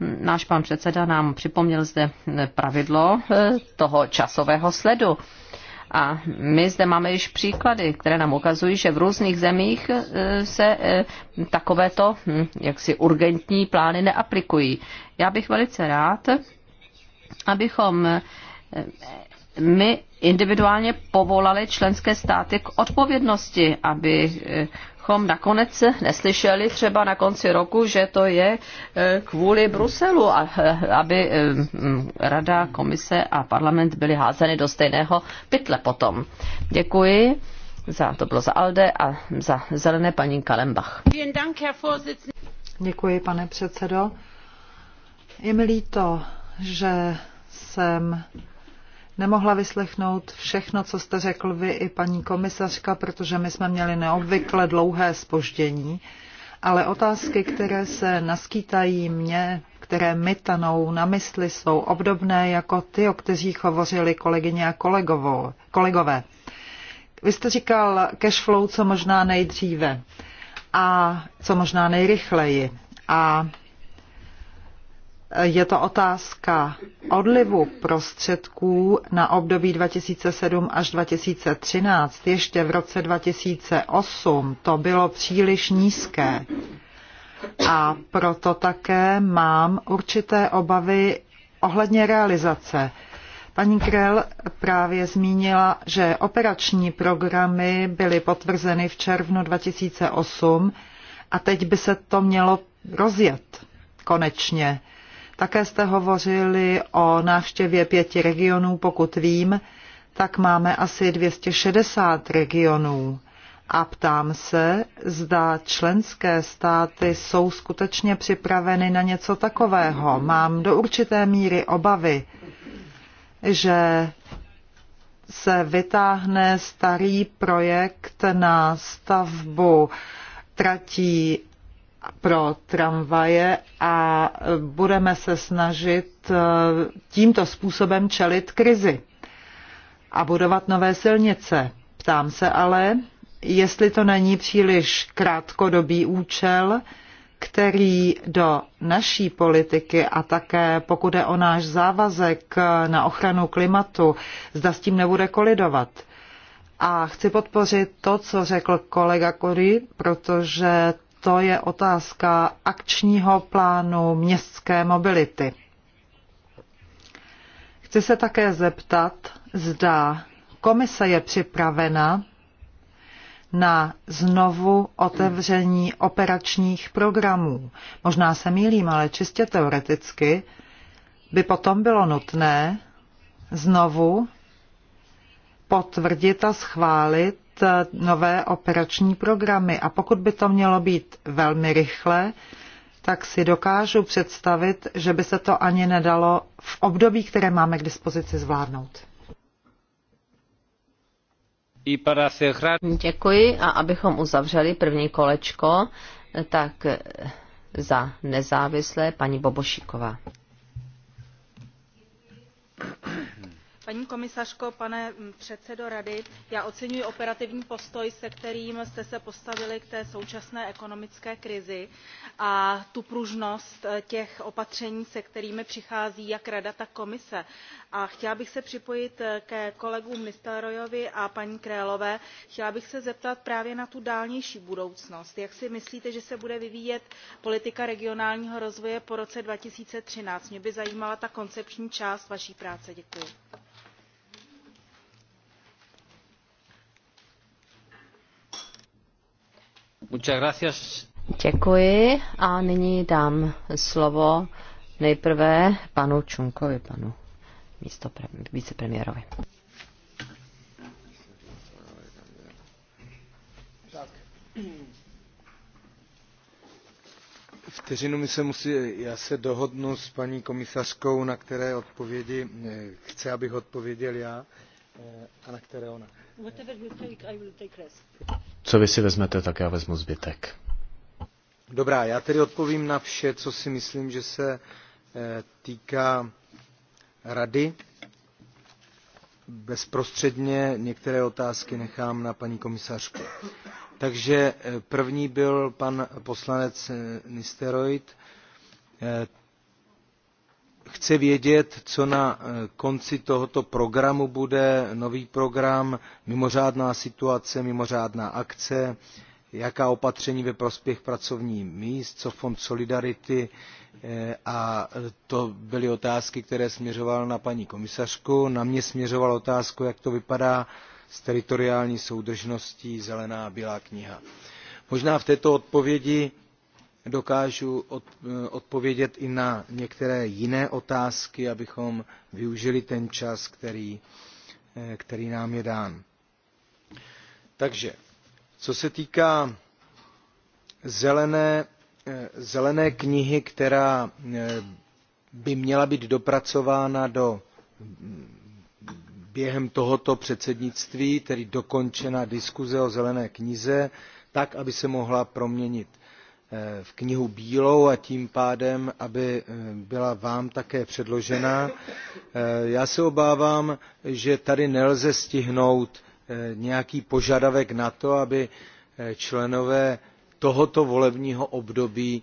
náš pan předseda nám připomněl zde pravidlo eh, toho časového sledu. A my zde máme již příklady, které nám ukazují, že v různých zemích eh, se eh, takovéto hm, jaksi urgentní plány neaplikují. Já bych velice rád, abychom my individuálně povolali členské státy k odpovědnosti, aby abychom nakonec neslyšeli třeba na konci roku, že to je e, kvůli Bruselu, e, aby e, rada, komise a parlament byly házeny do stejného pytle potom. Děkuji. Za, to bylo za Alde a za zelené paní Kalembach. Děkuji, pane předsedo. Je mi líto, že jsem nemohla vyslechnout všechno, co jste řekl vy i paní komisařka, protože my jsme měli neobvykle dlouhé spoždění, ale otázky, které se naskýtají mně, které my tanou na mysli, jsou obdobné jako ty, o kterých hovořili kolegyně a kolegovo, kolegové. Vy jste říkal cash flow co možná nejdříve a co možná nejrychleji. A je to otázka odlivu prostředků na období 2007 až 2013. Ještě v roce 2008 to bylo příliš nízké. A proto také mám určité obavy ohledně realizace. Paní Krell právě zmínila, že operační programy byly potvrzeny v červnu 2008 a teď by se to mělo rozjet konečně. Také jste hovořili o návštěvě pěti regionů, pokud vím, tak máme asi 260 regionů. A ptám se, zda členské státy jsou skutečně připraveny na něco takového. Mám do určité míry obavy, že se vytáhne starý projekt na stavbu tratí pro tramvaje a budeme se snažit eh, tímto způsobem čelit krizi a budovat nové silnice. Ptám se ale, jestli to není příliš krátkodobý účel, který do naší politiky a také pokud je o náš závazek na ochranu klimatu, zda s tím nebude kolidovat. A chci podpořit to, co řekl kolega Kory, protože to je otázka akčního plánu městské mobility. Chci se také zeptat, zda komise je připravena na znovu otevření operačních programů. Možná se mýlím, ale čistě teoreticky by potom bylo nutné znovu potvrdit a schválit Eh, nové operační programy. A pokud by to mělo být velmi rychle, tak si dokážu představit, že by se to ani nedalo v období, které máme k dispozici, zvládnout. Děkuji a abychom uzavřeli první kolečko, tak eh, za nezávislé paní Bobošíková paní komisařko pane předsedo rady já oceňuji operativní postoj se kterým jste se postavili k té současné ekonomické krizi a tu pružnost e, těch opatření se kterými přichází jak rada tak komise a chtěla bych se připojit e, ke kolegům nistelrooijovi a paní krehlové chtěla bych se zeptat právě na tu dálnější budoucnost jak si myslíte že se bude vyvíjet politika regionálního rozvoje po roce? two thousand and thirteen mě by zajímala ta koncepční část vaší práce. děkuji. Děkuji a nyní dám slovo nejprve panu Čunkovi, panu místo vicepremiérovi. Vteřinu mi se musí, já se dohodnu s paní komisařkou, na které odpovědi eh, chce, abych odpověděl já eh, a na které ona. Whatever you take, I will take rest co vy si vezmete, tak já vezmu zbytek. Dobrá, já tedy odpovím na vše, co si myslím, že se eh, týká rady. Bezprostředně některé otázky nechám na paní komisařku. Takže eh, první byl pan poslanec eh, Nisteroid chci vědět co na eh, konci tohoto programu bude nový program mimořádná situace mimořádná akce jaká opatření ve prospěch pracovních míst co fond solidarity eh, a to byly otázky které směřovaly na paní komisařku na mě směřovala otázka, jak to vypadá s teritoriální soudržností zelená a bílá kniha. možná v této odpovědi dokážu eh, odpovědět i na některé jiné otázky, abychom využili ten čas, který, eh, který nám je dán. Takže, co se týká zelené, eh, zelené knihy, která by měla být dopracována do mm, během tohoto předsednictví, tedy dokončena diskuze o zelené knize, tak, aby se mohla proměnit Eh, v knihu bílou a tím pádem aby eh, byla vám také předložena. Eh, já se obávám že tady nelze stihnout nějaký požadavek na to aby členové tohoto volebního období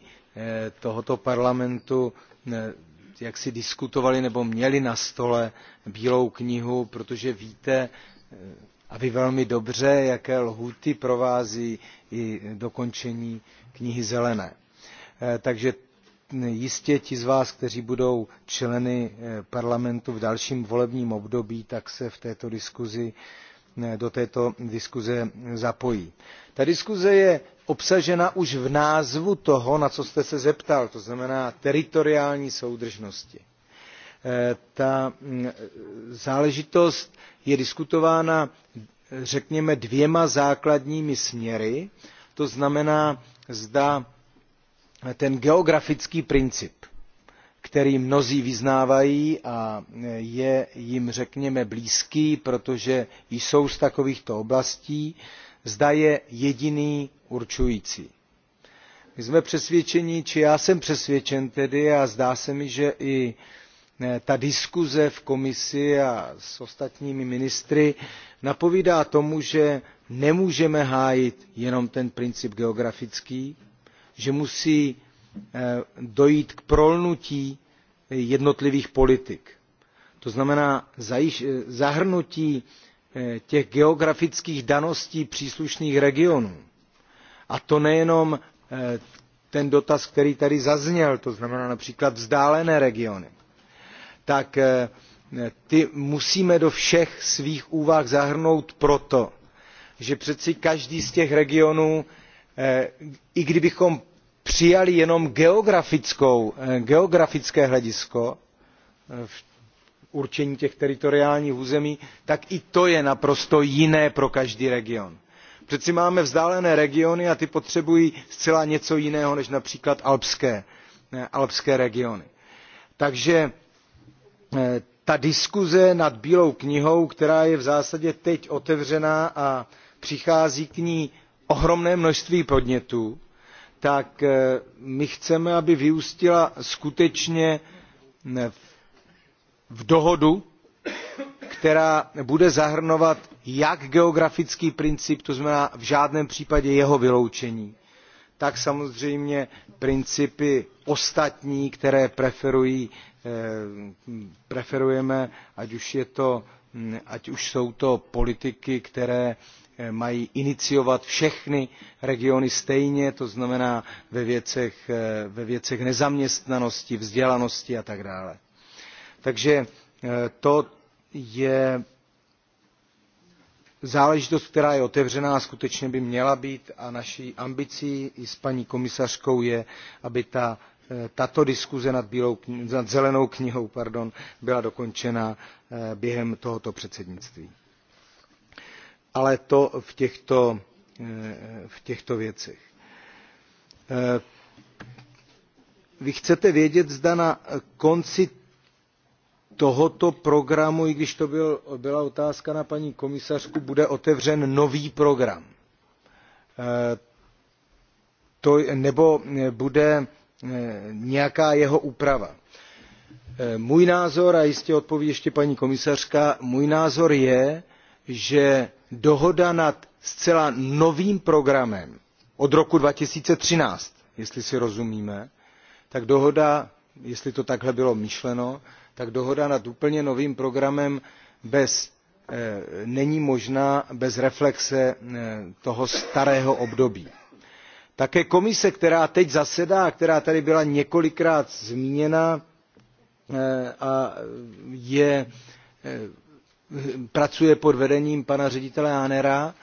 tohoto parlamentu jak si diskutovali nebo měli na stole bílou knihu protože víte a vy velmi dobře, jaké lhuty provází i dokončení knihy zelené. Eh, takže jistě ti z vás, kteří budou členy eh, parlamentu v dalším volebním období, tak se v této diskuzi, eh, do této diskuze zapojí. Ta diskuze je obsažena už v názvu toho, na co jste se zeptal, to znamená teritoriální soudržnosti. Ta mm, záležitost je diskutována, řekněme, dvěma základními směry. To znamená, zda ten geografický princip, který mnozí vyznávají a je jim, řekněme, blízký, protože jsou z takovýchto oblastí, zda je jediný určující. My jsme přesvědčeni, či já jsem přesvědčen tedy, a zdá se mi, že i Eh, ta diskuze v komisi a s ostatními ministry napovídá tomu že nemůžeme hájit jenom ten princip geografický že musí eh, dojít k prolnutí jednotlivých politik to znamená zahrnutí eh, těch geografických daností příslušných regionů a to nejenom ten dotaz který tady zazněl to znamená například vzdálené regiony tak eh, ty musíme do všech svých úvah zahrnout proto že přeci každý z těch regionů eh, i kdybychom přijali jenom eh, geografické hledisko v určení těch teritoriálních území tak i to je naprosto jiné pro každý region. přeci máme vzdálené regiony a ty potřebují zcela něco jiného než například alpské, alpské regiony. takže Eh, ta diskuze nad bílou knihou která je v zásadě teď otevřená a přichází k ní ohromné množství podnětů tak eh, my chceme aby vyústila skutečně eh, v dohodu která bude zahrnovat jak geografický princip to znamená v žádném případě jeho vyloučení tak samozřejmě principy ostatní které eh, preferujeme hm, ať už, jsou to politiky které eh, mají iniciovat všechny regiony stejně to znamená ve věcech eh, nezaměstnanosti vzdělanosti a tak dále. takže to je záležitost která je otevřená a skutečně by měla být a naší ambicí i s paní komisařkou je aby ta, eh, tato diskuse nad, bílou, nad zelenou knihou pardon, byla dokončena eh, během tohoto předsednictví. ale to v těchto, eh, v těchto věcech. vy chcete vědět zda na konci tohoto programu, i když to byla otázka na paní komisařku, bude otevřen nový program. Eh, nebo bude eh, nějaká jeho úprava. Eh, můj názor, a jistě odpoví ještě paní komisařka, můj názor je, že dohoda nad zcela novým programem od roku two thousand and thirteen jestli si rozumíme tak dohoda jestli to takhle bylo myšleno tak dohoda nad úplně novým programem eh, není možná bez reflexe eh, toho starého období. také komise která teď zasedá a která tady byla několikrát zmíněna eh, a pracuje pod vedením pana ředitele hahnera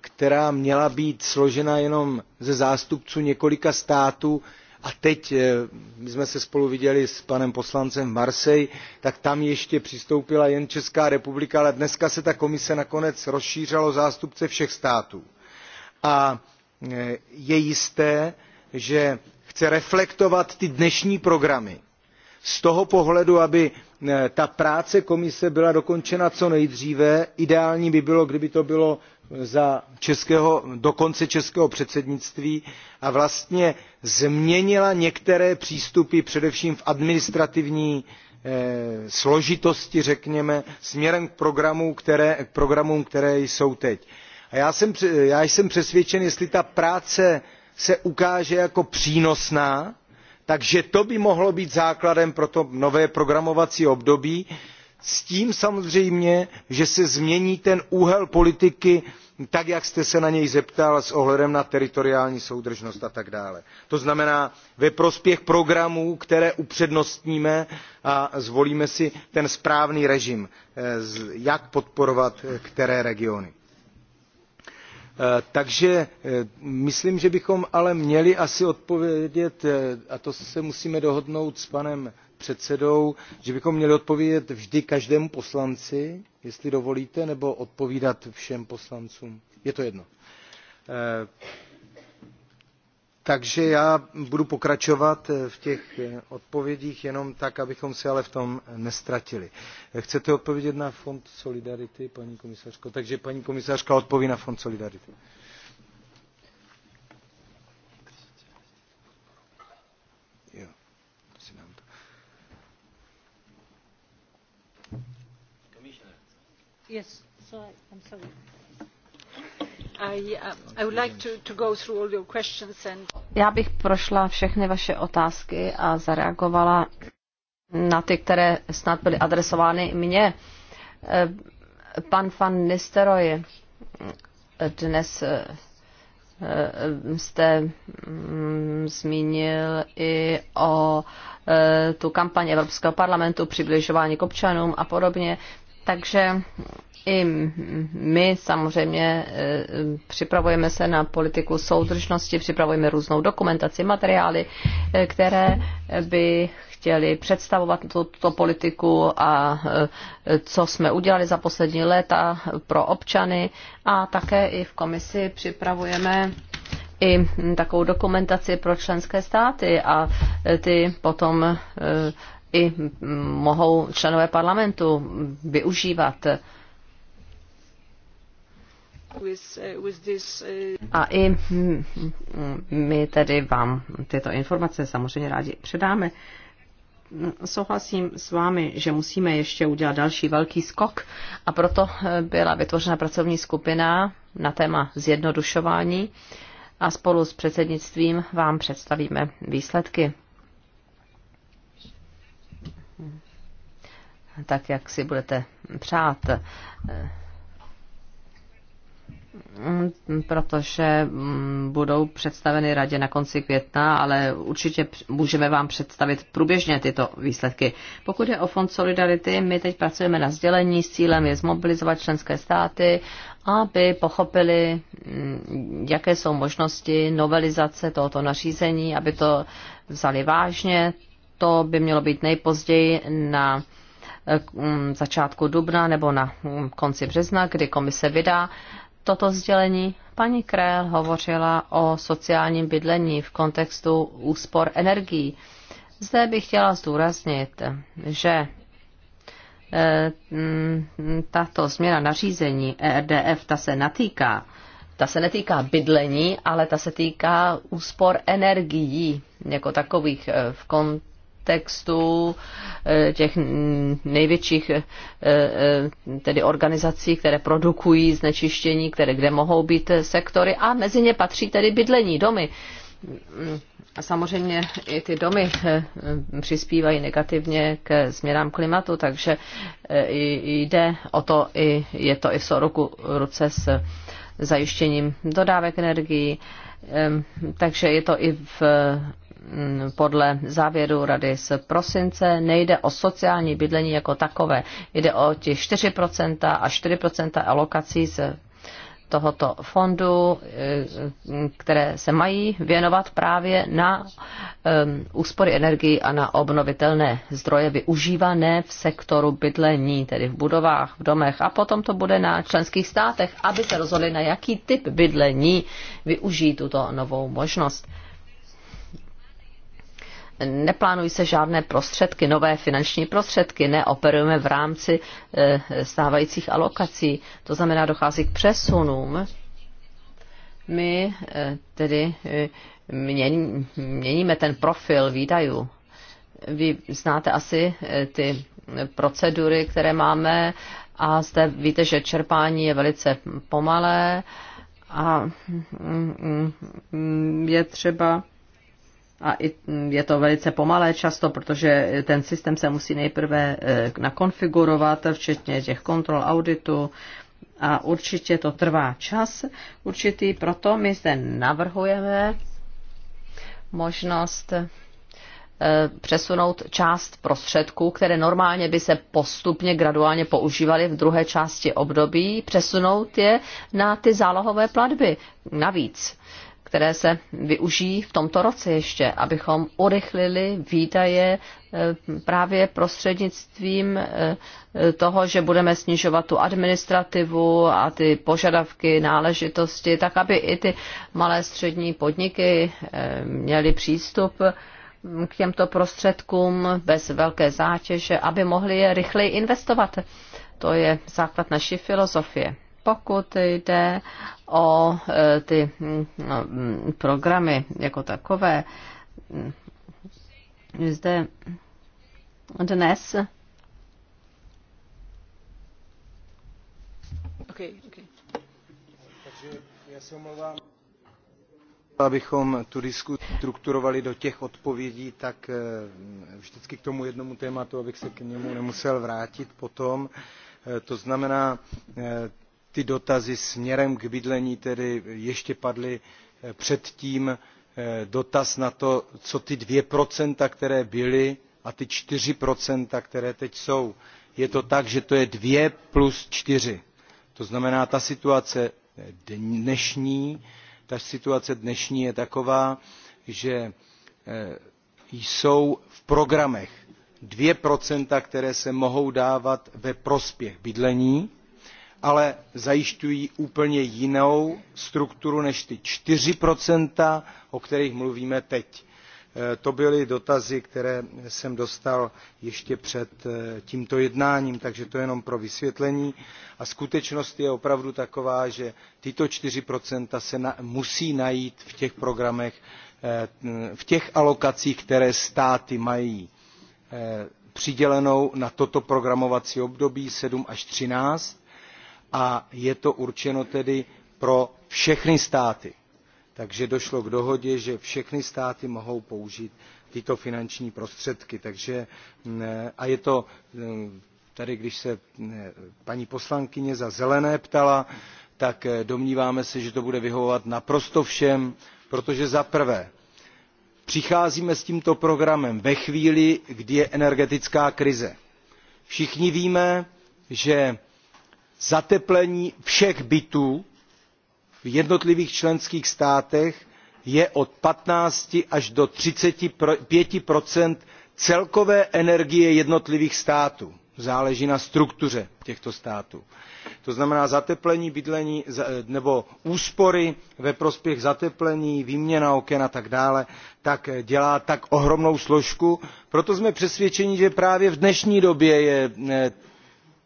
která měla být složena jenom ze zástupců několika států a teď eh, my jsme se spolu viděli s panem poslancem v marseille tak tam ještě přistoupila jen česká republika ale dnes se ta komise nakonec rozšířila o zástupce všech států. a eh, je jisté že chce reflektovat ty dnešní programy z toho pohledu aby eh, ta práce komise byla dokončena co nejdříve ideální by bylo kdyby to bylo za českého, do konce českého předsednictví a vlastně změnila některé přístupy především v administrativní eh, složitosti řekněme směrem k, programům které jsou teď. a já jsem, já že přesvědčen jestli ta práce se ukáže jako přínosná takže to by mohlo být základem pro to nové programovací období s tím samozřejmě že se změní ten úhel politiky tak jak jste se na něj zeptal s ohledem na teritoriální soudržnost a tak dále. to znamená ve prospěch programů které upřednostníme a zvolíme si ten správný režim eh, jak podporovat eh, které regiony. Eh, takže myslím že bychom ale měli asi odpovědět a to se musíme dohodnout s panem předsedou že bychom měli odpovědět vždy každému poslanci jestli dovolíte nebo odpovídat všem poslancům je to jedno. Eh, takže já budu pokračovat eh, v těch eh, odpovědích jenom tak abychom se ale v tom neztratili. chcete odpovědět na fond solidarity paní komisařko? takže paní komisařka odpoví na fond solidarity. Já bych prošla všechny vaše otázky a zareagovala na ty, které snad byly adresovány mně. Eh, pan van Nisteroj, eh, dnes eh, jste mm, zmínil i o tu kampaň Evropského parlamentu, přibližování k občanům a podobně. Takže i my samozřejmě e, připravujeme se na politiku soudržnosti, připravujeme různou dokumentaci, materiály, e, které by chtěli představovat tuto politiku a e, co jsme udělali za poslední léta pro občany a také i v komisi připravujeme i takovou dokumentaci pro členské státy a ty potom i mohou členové parlamentu využívat. Uh, uh, a i my tedy vám tyto informace samozřejmě rádi předáme. Souhlasím s vámi, že musíme ještě udělat další velký skok a proto byla vytvořena pracovní skupina na téma zjednodušování a spolu s předsednictvím vám představíme výsledky tak, jak si budete přát. Protože mm, budou představeny radě na konci května, ale určitě můžeme vám představit průběžně tyto výsledky. Pokud je o Fond Solidarity, my teď pracujeme na sdělení s cílem je zmobilizovat členské státy, aby pochopili, mm, jaké jsou možnosti novelizace tohoto nařízení, aby to vzali vážně, to by mělo být nejpozději na mm, začátku dubna nebo na mm, konci března, kdy komise vydá toto sdělení. Paní Krél hovořila o sociálním bydlení v kontextu úspor energií. Zde bych chtěla zdůraznit, že e, mm, tato změna nařízení ERDF, ta se natýká, ta se netýká bydlení, ale ta se týká úspor energií jako takových e, v kontextu textů eh, těch největších eh, eh, tedy organizací, které produkují znečištění, které, kde mohou být sektory a mezi ně patří tedy bydlení, domy. Mm, a samozřejmě i ty domy přispívají negativně k změnám klimatu, takže jde o to, i, je to i v souruku ruce s zajištěním dodávek energií, takže je to i v Mm, podle závěru rady z prosince nejde o sociální bydlení jako takové. Jde o ti 4% a 4% alokací z tohoto fondu, eh, které se mají věnovat právě na ehm, úspory energii a na obnovitelné zdroje využívané v sektoru bydlení, tedy v budovách, v domech. A potom to bude na členských státech, aby se rozhodli, na jaký typ bydlení využijí tuto novou možnost neplánují se žádné prostředky, nové finanční prostředky, neoperujeme v rámci eh, stávajících alokací, to znamená, dochází k přesunům. My eh, tedy eh, měníme ten profil výdajů. Vy znáte asi ty procedury, které máme a zde víte, že čerpání je velice pomalé a mm, mm, mm, je třeba a mm, je to velice pomalé často, protože ten systém se musí nejprve e, nakonfigurovat, včetně těch kontrol auditu, a určitě to trvá čas určitý, proto my zde navrhujeme možnost e, přesunout část prostředků, které normálně by se postupně graduálně používaly v druhé části období, přesunout je na ty zálohové platby navíc které se využijí v tomto roce ještě, abychom urychlili výdaje eh, právě prostřednictvím eh, toho, že budeme snižovat tu administrativu a ty požadavky, náležitosti, tak aby i ty malé střední podniky eh, měly přístup mm, k těmto prostředkům bez velké zátěže, aby mohli je rychleji investovat. To je základ naší filozofie. Pokud jde o e, ty mm, no, mm, programy jako takové. Zde dnes okay, okay. Takže já se omlouvám abychom tu diskusi strukturovali do těch odpovědí tak e, vždycky k tomu jednomu tématu abych se k němu nemusel vrátit potom e, to znamená ty dotazy směrem k bydlení tedy ještě padly eh, předtím eh, dotaz na to co ta dvě procenta která byla a ta čtyři procenta která teď jsou. je to tak že to je dvě plus čtyři to znamená ta situace dnešní ta situace dnešní je taková že eh, jsou v programech dvě procenta která se mohou dávat ve prospěch bydlení ale zajišťují úplně jinou strukturu než ty čtyři procenta, o kterých mluvíme teď. E, to byly dotazy které jsem dostal ještě před e, tímto jednáním takže to jenom pro vysvětlení. a skutečnost je opravdu taková že tyto čtyři procenta se musí najít v těch programech e, v těch alokacích které státy mají přidělenou na toto programovací období seven až thirteen a je to určeno tedy pro všechny státy. Takže došlo k dohodě, že všechny státy mohou použít tyto finanční prostředky. Takže, mm, a je to mm, tady, když se mm, paní poslankyně za zelené ptala, tak eh, domníváme se, že to bude vyhovovat naprosto všem, protože za prvé přicházíme s tímto programem ve chvíli, kdy je energetická krize. Všichni víme, že zateplení všech bytů v jednotlivých členských státech je od fifteen až do thirty five celkové energie jednotlivých států záleží na struktuře těchto států. to znamená zateplení bydlení nebo úspory ve prospěch zateplení výměna oken a tak dále tak dělá tak ohromnou složku proto jsme přesvědčeni že právě v dnešní době je eh,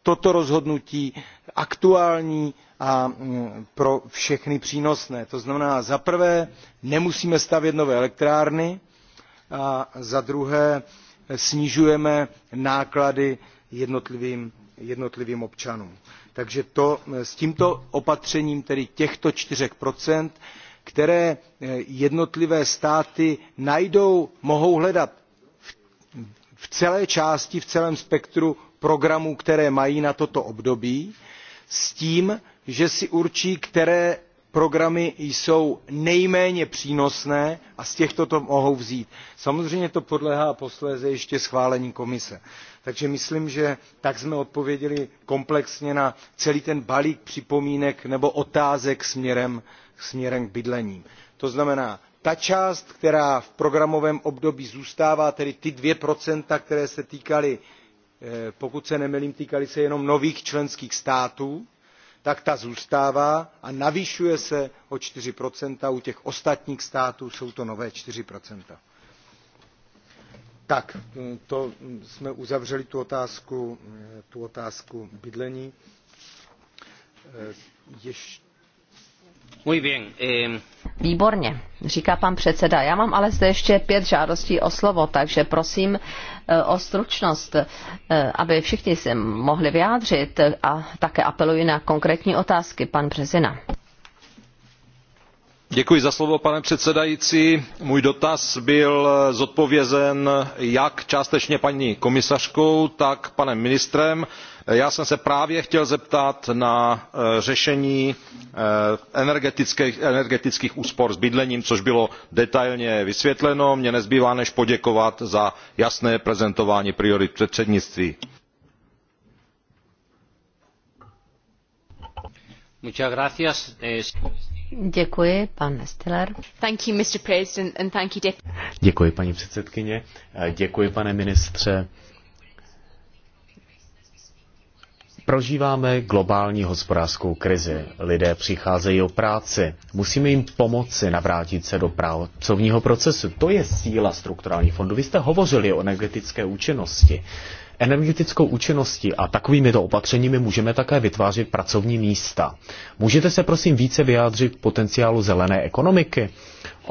toto rozhodnutí aktuální a mm, pro všechny přínosné. to znamená za prvé nemusíme stavět nové elektrárny a za druhé snižujeme náklady jednotlivým, občanům. takže e, s tímto opatřením tedy těchto four které e, jednotlivé státy najdou mohou hledat v celé části v celém spektru programů které mají na toto období s tím že si určí které programy jsou nejméně přínosné a z těchto to mohou vzít. samozřejmě to podléhá posléze ještě schválení komise. takže myslím že tak jsme odpověděli komplexně na celý ten balík připomínek nebo otázek směrem, k bydlení. to znamená ta část která v programovém období zůstává tedy ta two která se týkala Eh, pokud se nemýlím týkaly se jenom nových členských států tak ta zůstává a navyšuje se o four u těch ostatních států jsou to nové four tak hm, to jsme uzavřeli tu otázku, eh, tu otázku bydlení. Eh, Ještě... Muy bien. Eh... Výborně, říká pan předseda. Já mám ale zde ještě pět žádostí o slovo, takže prosím e, o stručnost, e, aby všichni se mohli vyjádřit a také apeluji na konkrétní otázky. Pan Březina. Slovo, pane předsedající můj dotaz byl zodpovězen jak částečně paní komisařkou tak panem ministrem. já jsem se právě chtěl zeptat na eh, řešení eh, energetických úspor s bydlením což bylo detailně vysvětleno. mně nezbývá než poděkovat za jasné prezentování priorit předsednictví. Děkuji, Děkuji, paní předsedkyně. Eh, děkuji, pane ministře. Prožíváme globální hospodářskou krizi. Lidé přicházejí o práci. Musíme jim pomoci navrátit se do pracovního procesu. To je síla strukturálních fondů. Vy jste hovořili o energetické účinnosti energetickou účinností a takovými to opatřeními můžeme také vytvářet pracovní místa. Můžete se prosím více vyjádřit k potenciálu zelené ekonomiky?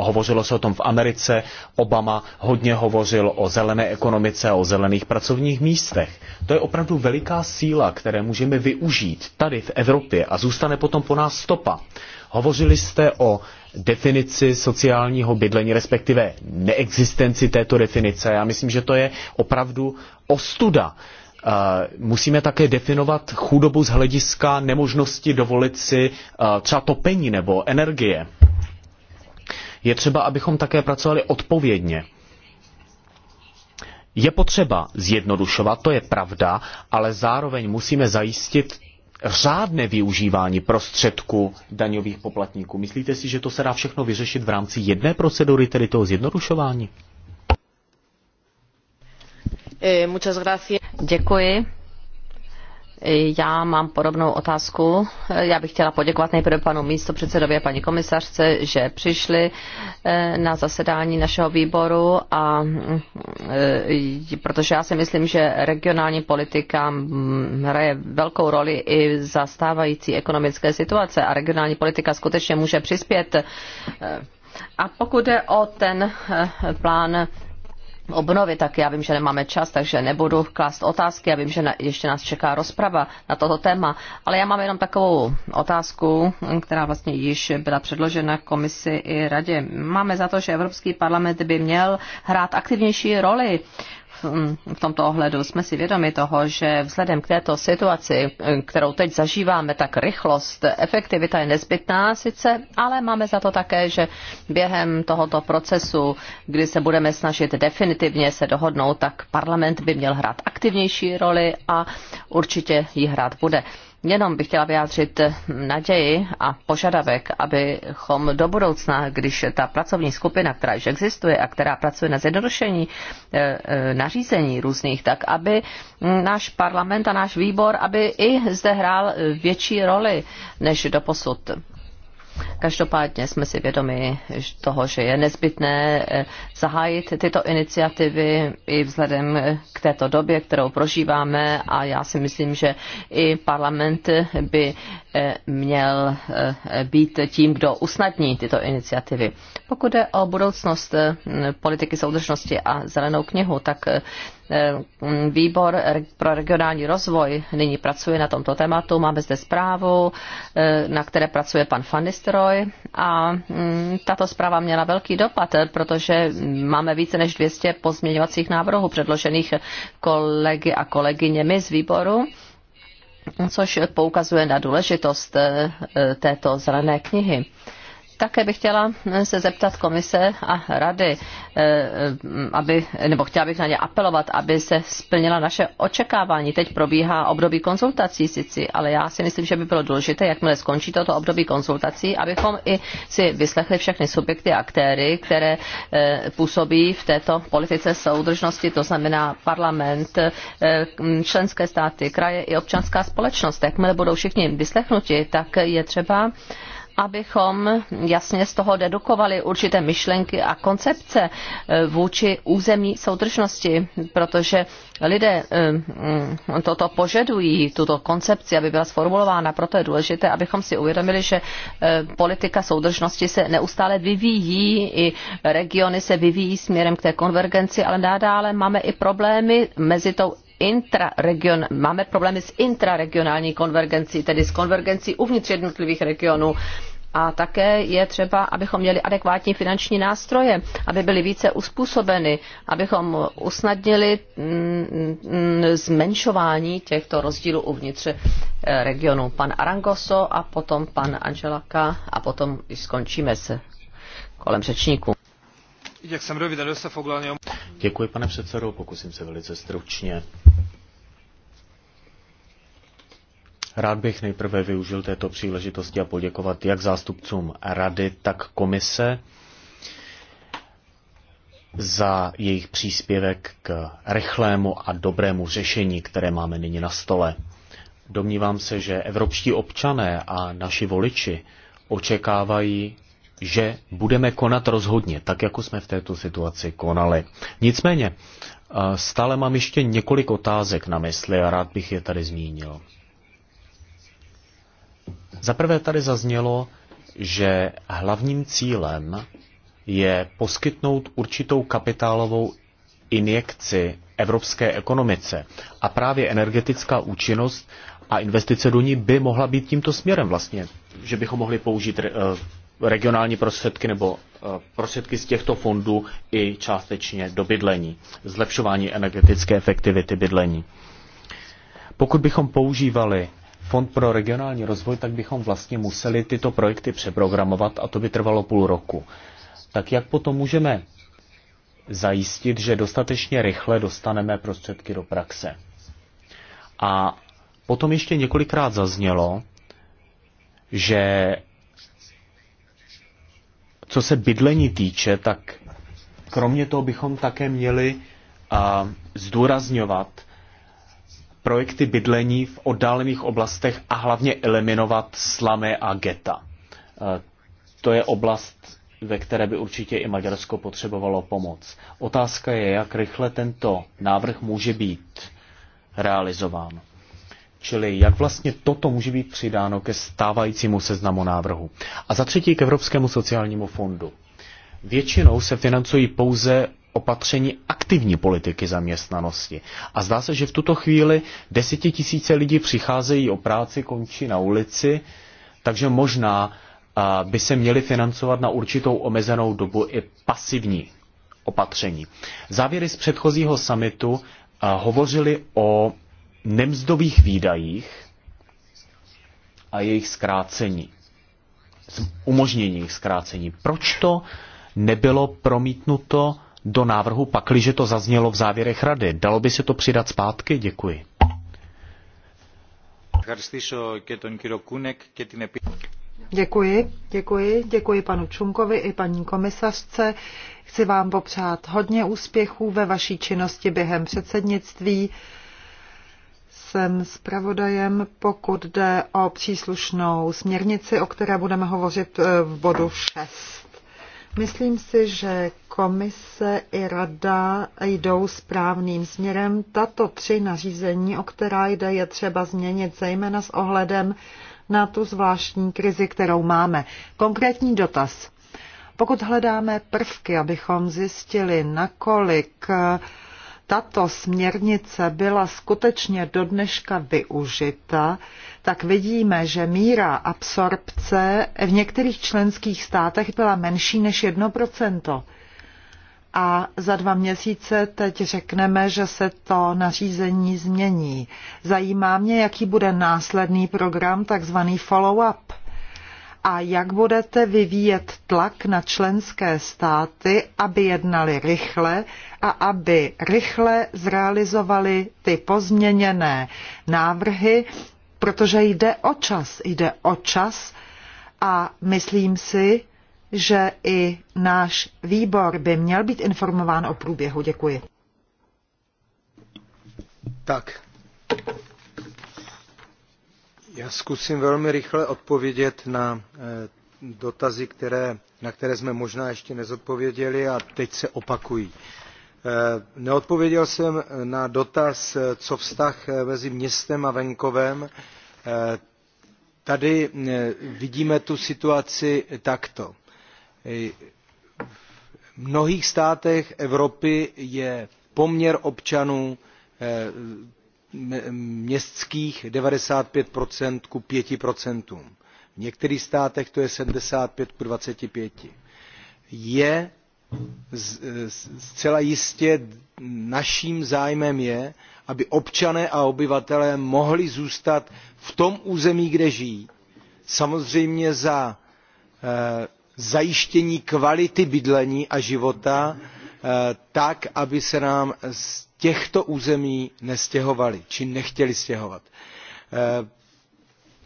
Hovořilo se o tom v Americe, Obama hodně hovořil o zelené ekonomice a o zelených pracovních místech. To je opravdu veliká síla, které můžeme využít tady v Evropě a zůstane potom po nás stopa. Hovořili jste o definici sociálního bydlení, respektive neexistenci této definice. Já myslím, že to je opravdu ostuda. Eh, musíme také definovat chudobu z hlediska nemožnosti dovolit si eh, třeba topení nebo energie. Je třeba, abychom také pracovali odpovědně. Je potřeba zjednodušovat, to je pravda, ale zároveň musíme zajistit řádné využívání prostředků daňových poplatníků. Myslíte si, že to se dá všechno vyřešit v rámci jedné procedury, tedy toho zjednodušování? Eh, Děkuji. Já mám podobnou otázku. Já bych chtěla poděkovat nejprve panu místopředsedovi a paní komisařce, že přišli eh, na zasedání našeho výboru, a, eh, protože já si myslím, že regionální politika mm, hraje velkou roli i v zastávající ekonomické situace a regionální politika skutečně může přispět. Eh, a pokud jde o ten plán obnovy, tak já vím, že nemáme čas, takže nebudu klást otázky. Já vím, že na, ještě nás čeká rozprava na toto téma, ale já mám jenom takovou otázku, která vlastně již byla předložena komisi i radě. Máme za to, že Evropský parlament by měl hrát aktivnější roli Mm, v tomto ohledu. Jsme si vědomi toho, že vzhledem k této situaci, kterou teď zažíváme, tak rychlost, efektivita je nezbytná sice, ale máme za to také, že během tohoto procesu, kdy se budeme snažit definitivně se dohodnout, tak parlament by měl hrát aktivnější roli a určitě ji hrát bude. Jenom bych chtěla vyjádřit eh, naději a požadavek, abychom do budoucna, když ta pracovní skupina, která již existuje a která pracuje na zjednodušení eh, eh, nařízení různých, tak aby mm, náš parlament a náš výbor, aby i zde hrál větší roli než doposud. Každopádně jsme si vědomi toho, že je nezbytné eh, zahájit tyto iniciativy i vzhledem k této době, kterou prožíváme a já si myslím, že i parlament by Eh, měl eh, být tím, kdo usnadní tyto iniciativy. Pokud jde o budoucnost eh, politiky soudržnosti a zelenou knihu, tak Výbor pro regionální rozvoj nyní pracuje na tomto tématu. Máme zde zprávu, na které pracuje pan Fanistroj a mm, tato zpráva měla velký dopad, protože máme více než 200 pozměňovacích návrhů předložených kolegy a kolegyněmi z výboru což poukazuje na důležitost eh, této zelené knihy. Také bych chtěla eh, se zeptat komise a rady, eh, eh, aby, nebo chtěla bych na ně apelovat, aby se splnila naše očekávání. Teď probíhá období konzultací sice, ale já si myslím, že by bylo důležité, jakmile skončí toto období konzultací, abychom i si vyslechli všechny subjekty a aktéry, které působí v této politice soudržnosti, to znamená parlament, členské státy, kraje i občanská společnost. Jakmile budou všichni vyslechnuti, tak je třeba abychom jasně z toho dedukovali určité myšlenky a koncepce eh, vůči územní soudržnosti, protože lidé eh, mm, toto požadují, tuto koncepci, aby byla sformulována. Proto je důležité, abychom si uvědomili, že eh, politika soudržnosti se neustále vyvíjí, i regiony se vyvíjí směrem k té konvergenci, ale nadále máme i problémy mezi tou intraregion, máme problémy s intraregionální konvergencí, tedy s konvergencí uvnitř jednotlivých regionů a také je třeba, abychom měli adekvátní finanční nástroje, aby byly více uspůsobeny, abychom usnadnili mm, mm, zmenšování těchto rozdílů uvnitř eh, regionu. Pan Arangoso a potom pan Angelaka a potom skončíme se kolem řečníků. Děkuji, pane předsedo, pokusím se velice stručně. Rád bych nejprve využil této příležitosti a poděkovat jak zástupcům rady, tak komise za jejich příspěvek k rychlému a dobrému řešení, které máme nyní na stole. Domnívám se, že evropští občané a naši voliči očekávají, že budeme konat rozhodně, tak jako jsme v této situaci konali. Nicméně, eh, stále mám ještě několik otázek na mysli a rád bych je tady zmínil. Za prvé tady zaznělo, že hlavním cílem je poskytnout určitou kapitálovou injekci evropské ekonomice. A právě energetická účinnost a investice do ní by mohla být tímto směrem vlastně, že bychom mohli použít eh, regionální prostředky nebo eh, prostředky z těchto fondů i částečně do bydlení, zlepšování energetické efektivity bydlení. Pokud bychom používali Fond pro regionální rozvoj, tak bychom vlastně museli tyto projekty přeprogramovat a to by trvalo půl roku. Tak jak potom můžeme zajistit, že dostatečně rychle dostaneme prostředky do praxe? A potom ještě několikrát zaznělo, že co se bydlení týče, tak kromě toho bychom také měli a, zdůrazňovat projekty bydlení v oddálených oblastech a hlavně eliminovat slamy a geta. E, to je oblast, ve které by určitě i Maďarsko potřebovalo pomoc. Otázka je, jak rychle tento návrh může být realizován. Čili jak vlastně toto může být přidáno ke stávajícímu seznamu návrhu. A za třetí k Evropskému sociálnímu fondu. Většinou se financují pouze opatření aktivní politiky zaměstnanosti. A zdá se, že v tuto chvíli desetitisíce lidí přicházejí o práci, končí na ulici, takže možná by se měly financovat na určitou omezenou dobu i pasivní opatření. Závěry z předchozího samitu hovořily o nemzdových výdajích a jejich zkrácení, umožnění jejich zkrácení. Proč to nebylo promítnuto do návrhu, pakliže to zaznělo v závěrech rady. Dalo by se to přidat zpátky? Děkuji. Děkuji, děkuji, děkuji panu Čunkovi i paní komisařce. Chci vám popřát hodně úspěchů ve vaší činnosti během předsednictví. Jsem zpravodajem, pokud jde o příslušnou směrnici, o které budeme hovořit eh, v bodu 6. Myslím si, že komise i rada jdou správným směrem. Tato tři nařízení, o která jde, je třeba změnit zejména s ohledem na tu zvláštní krizi, kterou máme. Konkrétní dotaz. Pokud hledáme prvky, abychom zjistili, nakolik eh, tato směrnice byla skutečně do dneška využita, tak vidíme, že míra absorpce v některých členských státech byla menší než a za dva měsíce teď řekneme, že se to nařízení změní. Zajímá mě, jaký bude následný program, takzvaný follow-up. A jak budete vyvíjet tlak na členské státy, aby jednali rychle a aby rychle zrealizovali ty pozměněné návrhy, protože jde o čas, jde o čas a myslím si, že i náš výbor by měl být informován o průběhu. Děkuji. Tak. Já zkusím velmi rychle odpovědět na eh, dotazy, které, na které jsme možná ještě nezodpověděli a teď se opakují. Eh, neodpověděl jsem eh, na dotaz, co vztah mezi městem a venkovem. Tady vidíme tu situaci takto Eh, v mnohých státech evropy je poměr občanů eh, městských ninety five ku five v některých státech to je seventy five ku twenty five je zcela jistě naším zájmem je aby občané a obyvatelé mohli zůstat v tom území kde žijí samozřejmě za eh, zajištění kvality bydlení a života eh, tak aby se nám z těchto území nestěhovali či nechtěli stěhovat. Eh,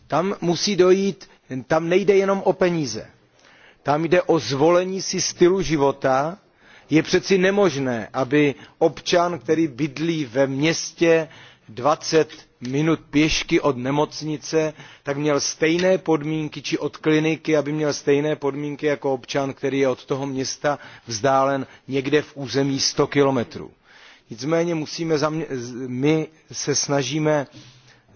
tam musí dojít tam nejde jenom o peníze tam jde o zvolení si stylu života je přeci nemožné aby občan který bydlí ve městě twenty minut pěšky od nemocnice tak měl stejné podmínky či od kliniky aby měl stejné podmínky jako občan který je od toho města vzdálen někde v území sto kilometrů. nicméně musíme, my se snažíme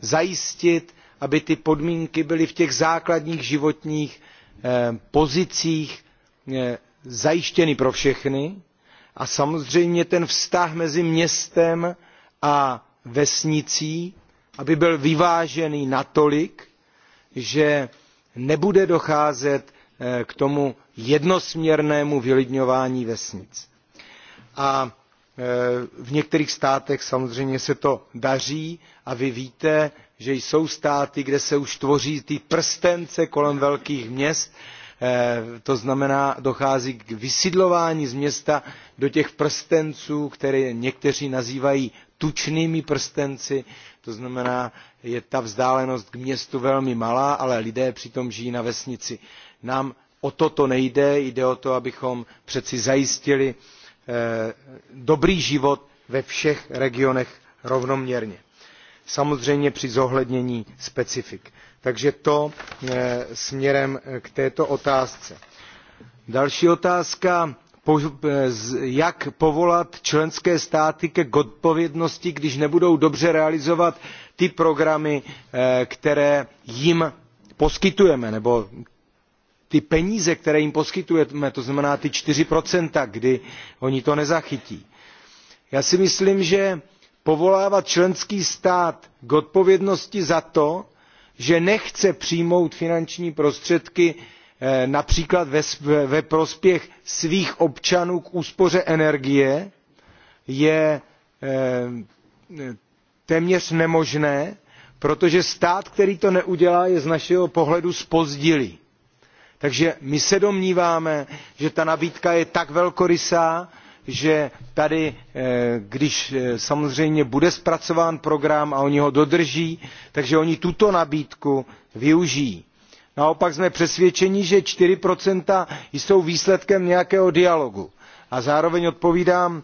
zajistit aby ty podmínky byly v těch základních životních eh, pozicích eh, zajištěny pro všechny a samozřejmě ten vztah mezi městem a vesnicí aby byl vyvážený natolik že nebude docházet eh, k tomu jednosměrnému vylidňování vesnic. a eh, v některých státech samozřejmě se to daří a vy víte že jsou státy kde se už tvoří ty prstence kolem velkých měst eh, to znamená dochází k vysidlování z města do těch prstenců které někteří nazývají tučnými prstenci to znamená je ta vzdálenost k městu velmi malá ale lidé přitom žijí na vesnici. nám o toto nejde jde o to abychom přeci zajistili eh, dobrý život ve všech regionech rovnoměrně samozřejmě při zohlednění specifik. takže to eh, směrem k této otázce. další otázka jak povolat členské státy k odpovědnosti když nebudou dobře realizovat ty programy eh, které jim poskytujeme nebo ty peníze které jim poskytujeme to znamená ty procenta, kdy oni to nezachytí. já si myslím že povolávat členský stát k odpovědnosti za to že nechce přijmout finanční prostředky Eh, například ve, ve prospěch svých občanů k úspoře energie je eh, téměř nemožné protože stát který to neudělá je z našeho pohledu zpozdilý. takže my se domníváme že ta nabídka je tak velkorysá že tady eh, když samozřejmě bude zpracován program a oni ho dodrží takže oni tuto nabídku využijí naopak jsme přesvědčeni že procenta jsou výsledkem nějakého dialogu. a zároveň odpovídám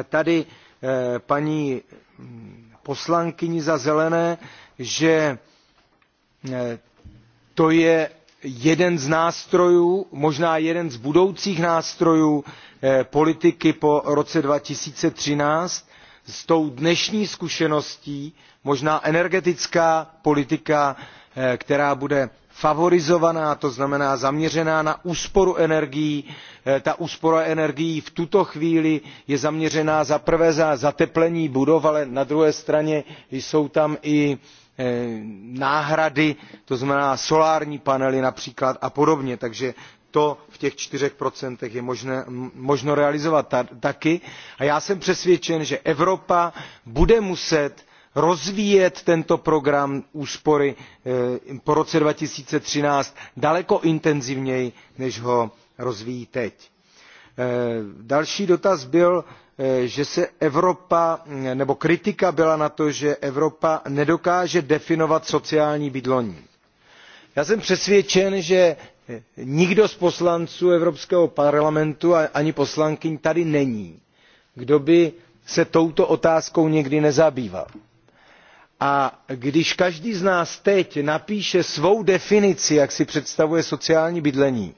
eh, tady eh, paní mm, poslankyni za zelené že eh, to je jeden z nástrojů možná jeden z budoucích nástrojů politiky po roce two thousand and thirteen s tou dnešní zkušeností možná energetická politika která bude favorizovaná to znamená zaměřená na úsporu energií. Eh, ta úspora energií v tuto chvíli je zaměřená za prvé na zateplení budov ale na druhé straně jsou tam i eh, náhrady to znamená solární panely například a podobně takže to v těch čtyřech procentech je možno realizovat taky a já jsem přesvědčen že evropa bude muset rozvíjet tento program úspory eh, po roce two thousand and thirteen daleko intenzivněji než ho rozvíjí teď. Eh, další dotaz byl eh, že se evropa mm, nebo kritika byla na to že evropa nedokáže definovat sociální bydlení. já jsem přesvědčen že nikdo z poslanců evropského parlamentu ani poslankyň tady není kdo by se touto otázkou někdy nezabýval a když každý z nás teď napíše svou definici jak si představuje sociální bydlení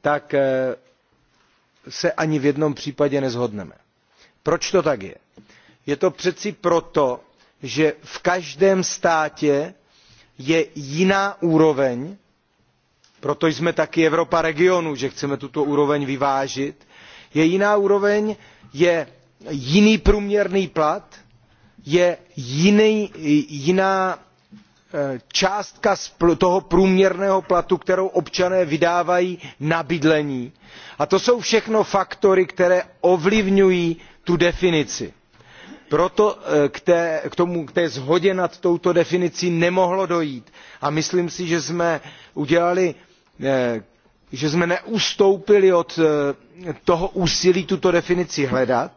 tak eh, se ani v jednom případě neshodneme. proč to tak je? je to přeci proto že v každém státě je jiná úroveň proto jsme taky evropa regionů že chceme tuto úroveň vyvážit je jiná úroveň je jiný průměrný plat je jiná eh, částka z toho průměrného platu kterou občané vydávají na bydlení a to jsou všechno faktory které ovlivňují tu definici. proto eh, k té, tomu, k shodě nad touto definicí nemohlo dojít a myslím si že jsme udělali eh, že jsme neustoupili od toho úsilí tuto definici hledat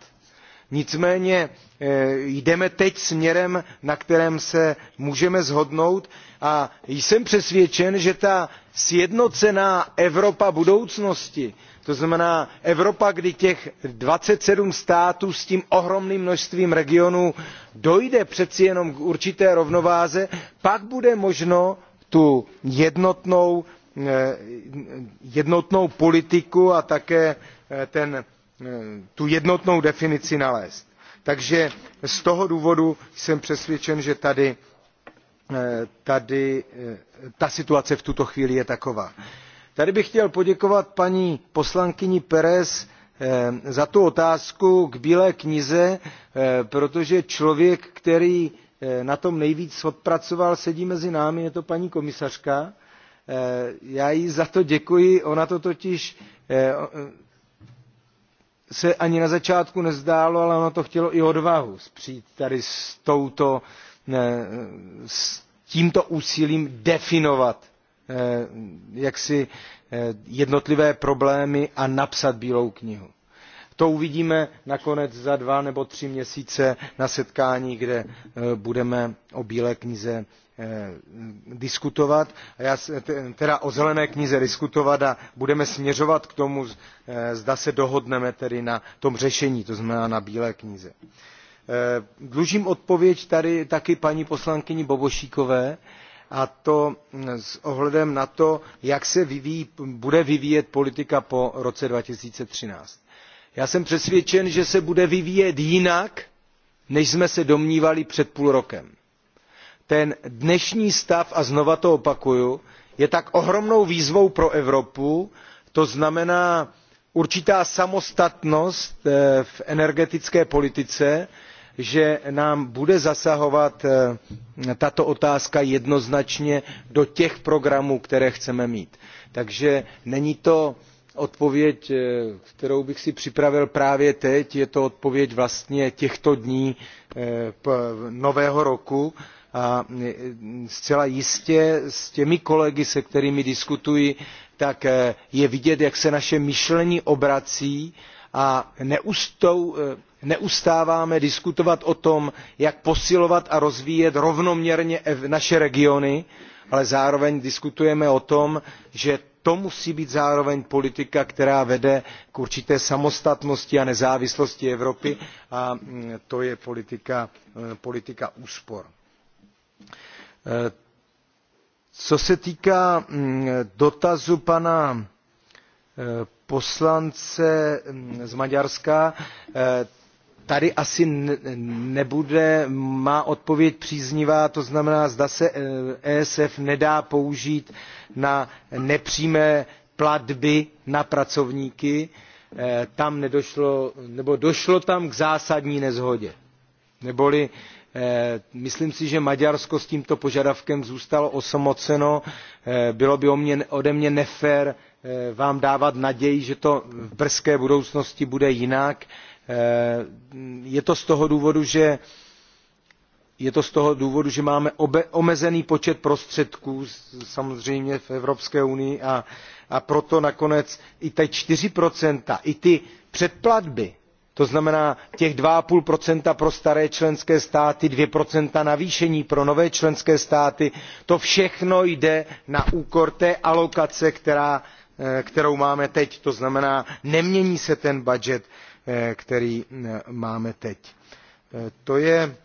nicméně eh, jdeme teď směrem na kterém se můžeme shodnout a jsem přesvědčen že ta sjednocená evropa budoucnosti to znamená evropa kdy těch twenty seven států s tím ohromným množstvím regionů dojde přeci jenom k určité rovnováze pak bude možno tu jednotnou, eh, jednotnou politiku a také eh, ten Eh, tu jednotnou definici nalézt. takže z toho důvodu jsem přesvědčen že tady, eh, tady eh, ta situace v tuto chvíli je taková. tady bych chtěl poděkovat paní poslankyni pérezové za tu otázku k bílé knize protože člověk který na tom nejvíc odpracoval sedí mezi námi je to paní komisařka já jí za to děkuji ona to totiž se ani na začátku nezdálo, ale ono to chtělo i odvahu přijít tady s, touto, s tímto úsilím definovat eh, jaksi eh, jednotlivé problémy a napsat bílou knihu. To uvidíme nakonec za dva nebo tři měsíce na setkání, kde eh, budeme o bílé knize Eh, diskutovat tedy teda o zelené knize diskutovat a budeme směřovat k tomu eh, zda se dohodneme tedy na tom řešení to znamená na bílé knize. Eh, dlužím odpověď tady taky paní poslankyni bobošíkové a to mm, s ohledem na to jak se bude vyvíjet politika po roce. two thousand and thirteen já jsem přesvědčen že se bude vyvíjet jinak než jsme se domnívali před půl rokem ten dnešní stav a znovu to opakuju je tak ohromnou výzvou pro evropu to znamená určitá samostatnost eh, v energetické politice že nám bude zasahovat eh, tato otázka jednoznačně do těch programů které chceme mít. takže není to odpověď eh, kterou bych si připravil právě teď je to odpověď vlastně těchto dní nového roku a e, zcela jistě s těmi kolegy se kterými diskutuji tak e, je vidět jak se naše myšlení obrací a e, neustáváme diskutovat o tom jak posilovat a rozvíjet rovnoměrně naše regiony ale zároveň diskutujeme o tom že to musí být zároveň politika která vede k určité samostatnosti a nezávislosti evropy a to je politika úspor Eh, co se týká mm, dotazu pana eh, poslance mm, z Maďarska, eh, tady asi nebude má odpověď příznivá, to znamená, zda se ESF e nedá použít na nepřímé platby na pracovníky, tam nedošlo, nebo došlo tam k zásadní neshodě. Neboli Eh, myslím si že maďarsko s tímto požadavkem zůstalo osamoceno eh, bylo by ode mě nefér eh, vám dávat naději že to v brzké budoucnosti bude jinak. je to z toho důvodu že máme omezený počet prostředků samozřejmě v evropské unii a, a proto nakonec i ta čtyři procenta i ty předplatby to znamená těch two five pro staré členské státy two navýšení pro nové členské státy to všechno jde na úkor té alokace eh, kterou máme teď to znamená nemění se ten budget eh, který eh, máme teď. to je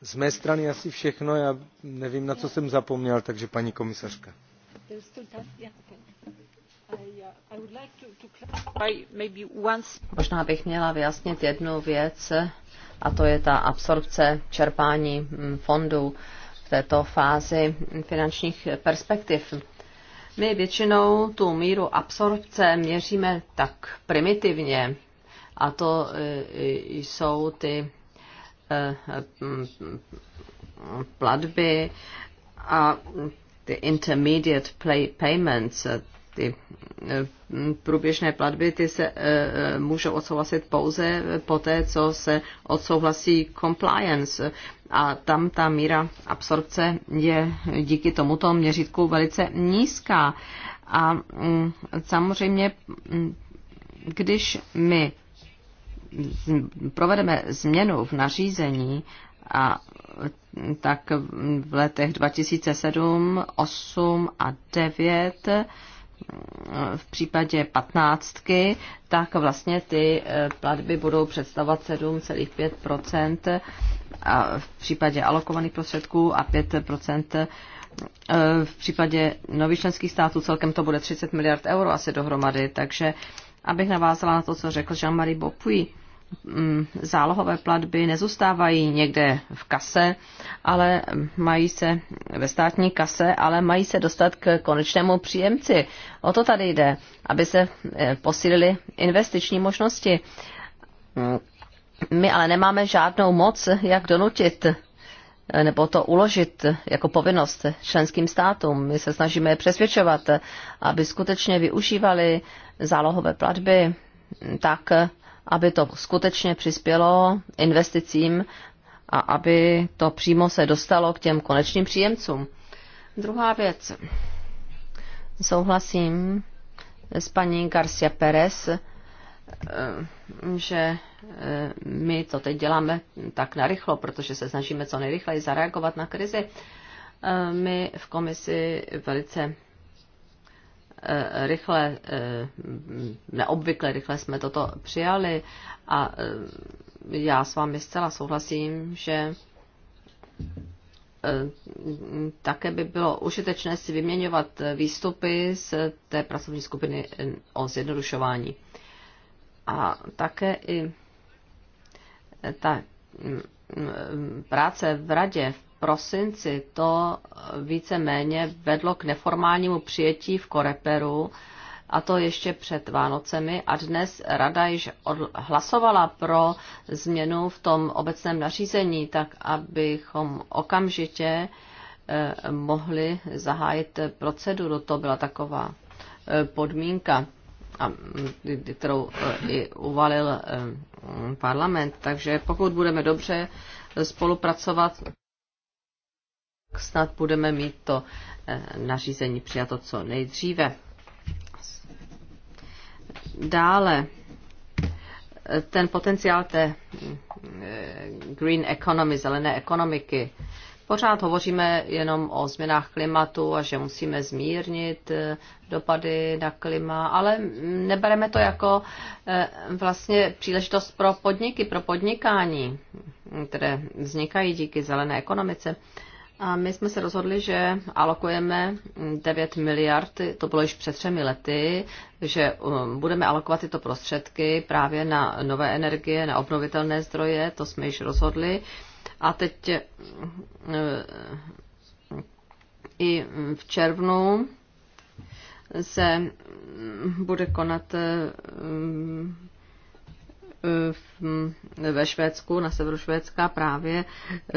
z mé strany asi všechno já nevím na co jsem zapomněl takže paní komisařka. Možná bych měla vyjasnit jednu věc, a to je ta absorpce čerpání mm, fondů v této fázi finančních perspektiv. My většinou tu míru absorpce měříme tak primitivně, a to e, e, jsou ty e, platby a ty intermediate payments, ty eh, průběžné platby, ty se eh, eh, můžou odsouhlasit pouze po té, co se odsouhlasí compliance. A tam ta míra absorpce je díky tomuto měřítku velice nízká. A mm, samozřejmě, mm, když my provedeme změnu v nařízení, a tak v letech 2007, 8 a 9 v případě patnáctky, tak vlastně ty eh, platby budou představovat 7,5 eh, a v případě alokovaných prostředků a 5 eh, v případě nových členských států. Celkem to bude 30 miliard euro asi dohromady, takže abych navázala na to, co řekl Jean-Marie Bopuy, Mm, zálohové platby nezůstávají někde v kase, ale mají se ve státní kase, ale mají se dostat k konečnému příjemci. O to tady jde, aby se eh, posílily investiční možnosti. Mm, my ale nemáme žádnou moc, jak donutit eh, nebo to uložit jako povinnost členským státům. My se snažíme přesvědčovat, eh, aby skutečně využívali zálohové platby mm, tak, aby to skutečně přispělo investicím a aby to přímo se dostalo k těm konečným příjemcům. Druhá věc. Souhlasím s paní Garcia Perez, eh, že eh, my to teď děláme tak narychlo, protože se snažíme co nejrychleji zareagovat na krizi. Eh, my v komisi velice Eh, rychle, eh, neobvykle rychle jsme toto přijali a eh, já s vámi zcela souhlasím, že také by bylo užitečné si vyměňovat výstupy z té pracovní skupiny o zjednodušování. A také i ta mm, mm, práce v radě, v prosinci, to víceméně vedlo k neformálnímu přijetí v Koreperu, a to ještě před Vánocemi. A dnes rada již hlasovala pro změnu v tom obecném nařízení, tak abychom okamžitě eh, mohli zahájit proceduru. To byla taková eh, podmínka, kterou eh, i uvalil parlament. Takže pokud budeme dobře spolupracovat, snad budeme mít to eh, nařízení přijato co nejdříve. Dále eh, ten potenciál té eh, green economy, zelené ekonomiky. Pořád hovoříme jenom o změnách klimatu a že musíme zmírnit dopady na klima, ale nebereme to jako vlastně příležitost pro podniky, pro podnikání, které vznikají díky zelené ekonomice. A my jsme se rozhodli, že alokujeme 9 miliard, to bylo již před třemi lety, že um, budeme alokovat tyto prostředky právě na nové energie, na obnovitelné zdroje, to jsme již rozhodli. A teď eh, i v červnu se bude konat eh, Eh, ve Švédsku, na severu Švédska právě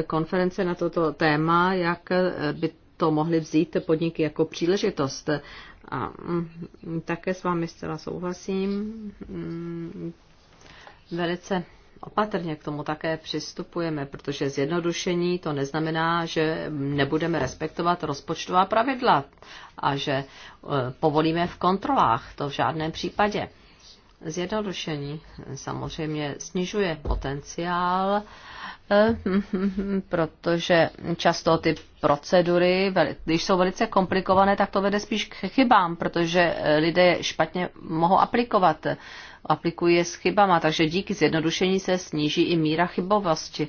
konference na toto téma, jak eh, by to mohly vzít podniky jako příležitost. A mm, také s vámi zcela souhlasím. Mm, velice opatrně k tomu také přistupujeme, protože zjednodušení to neznamená, že nebudeme respektovat rozpočtová pravidla a že eh, povolíme v kontrolách, to v žádném případě zjednodušení samozřejmě snižuje potenciál, eh, protože často ty procedury, když jsou velice komplikované, tak to vede spíš k chybám, protože eh, lidé špatně mohou aplikovat. Aplikují je s chybama, takže díky zjednodušení se sníží i míra chybovosti.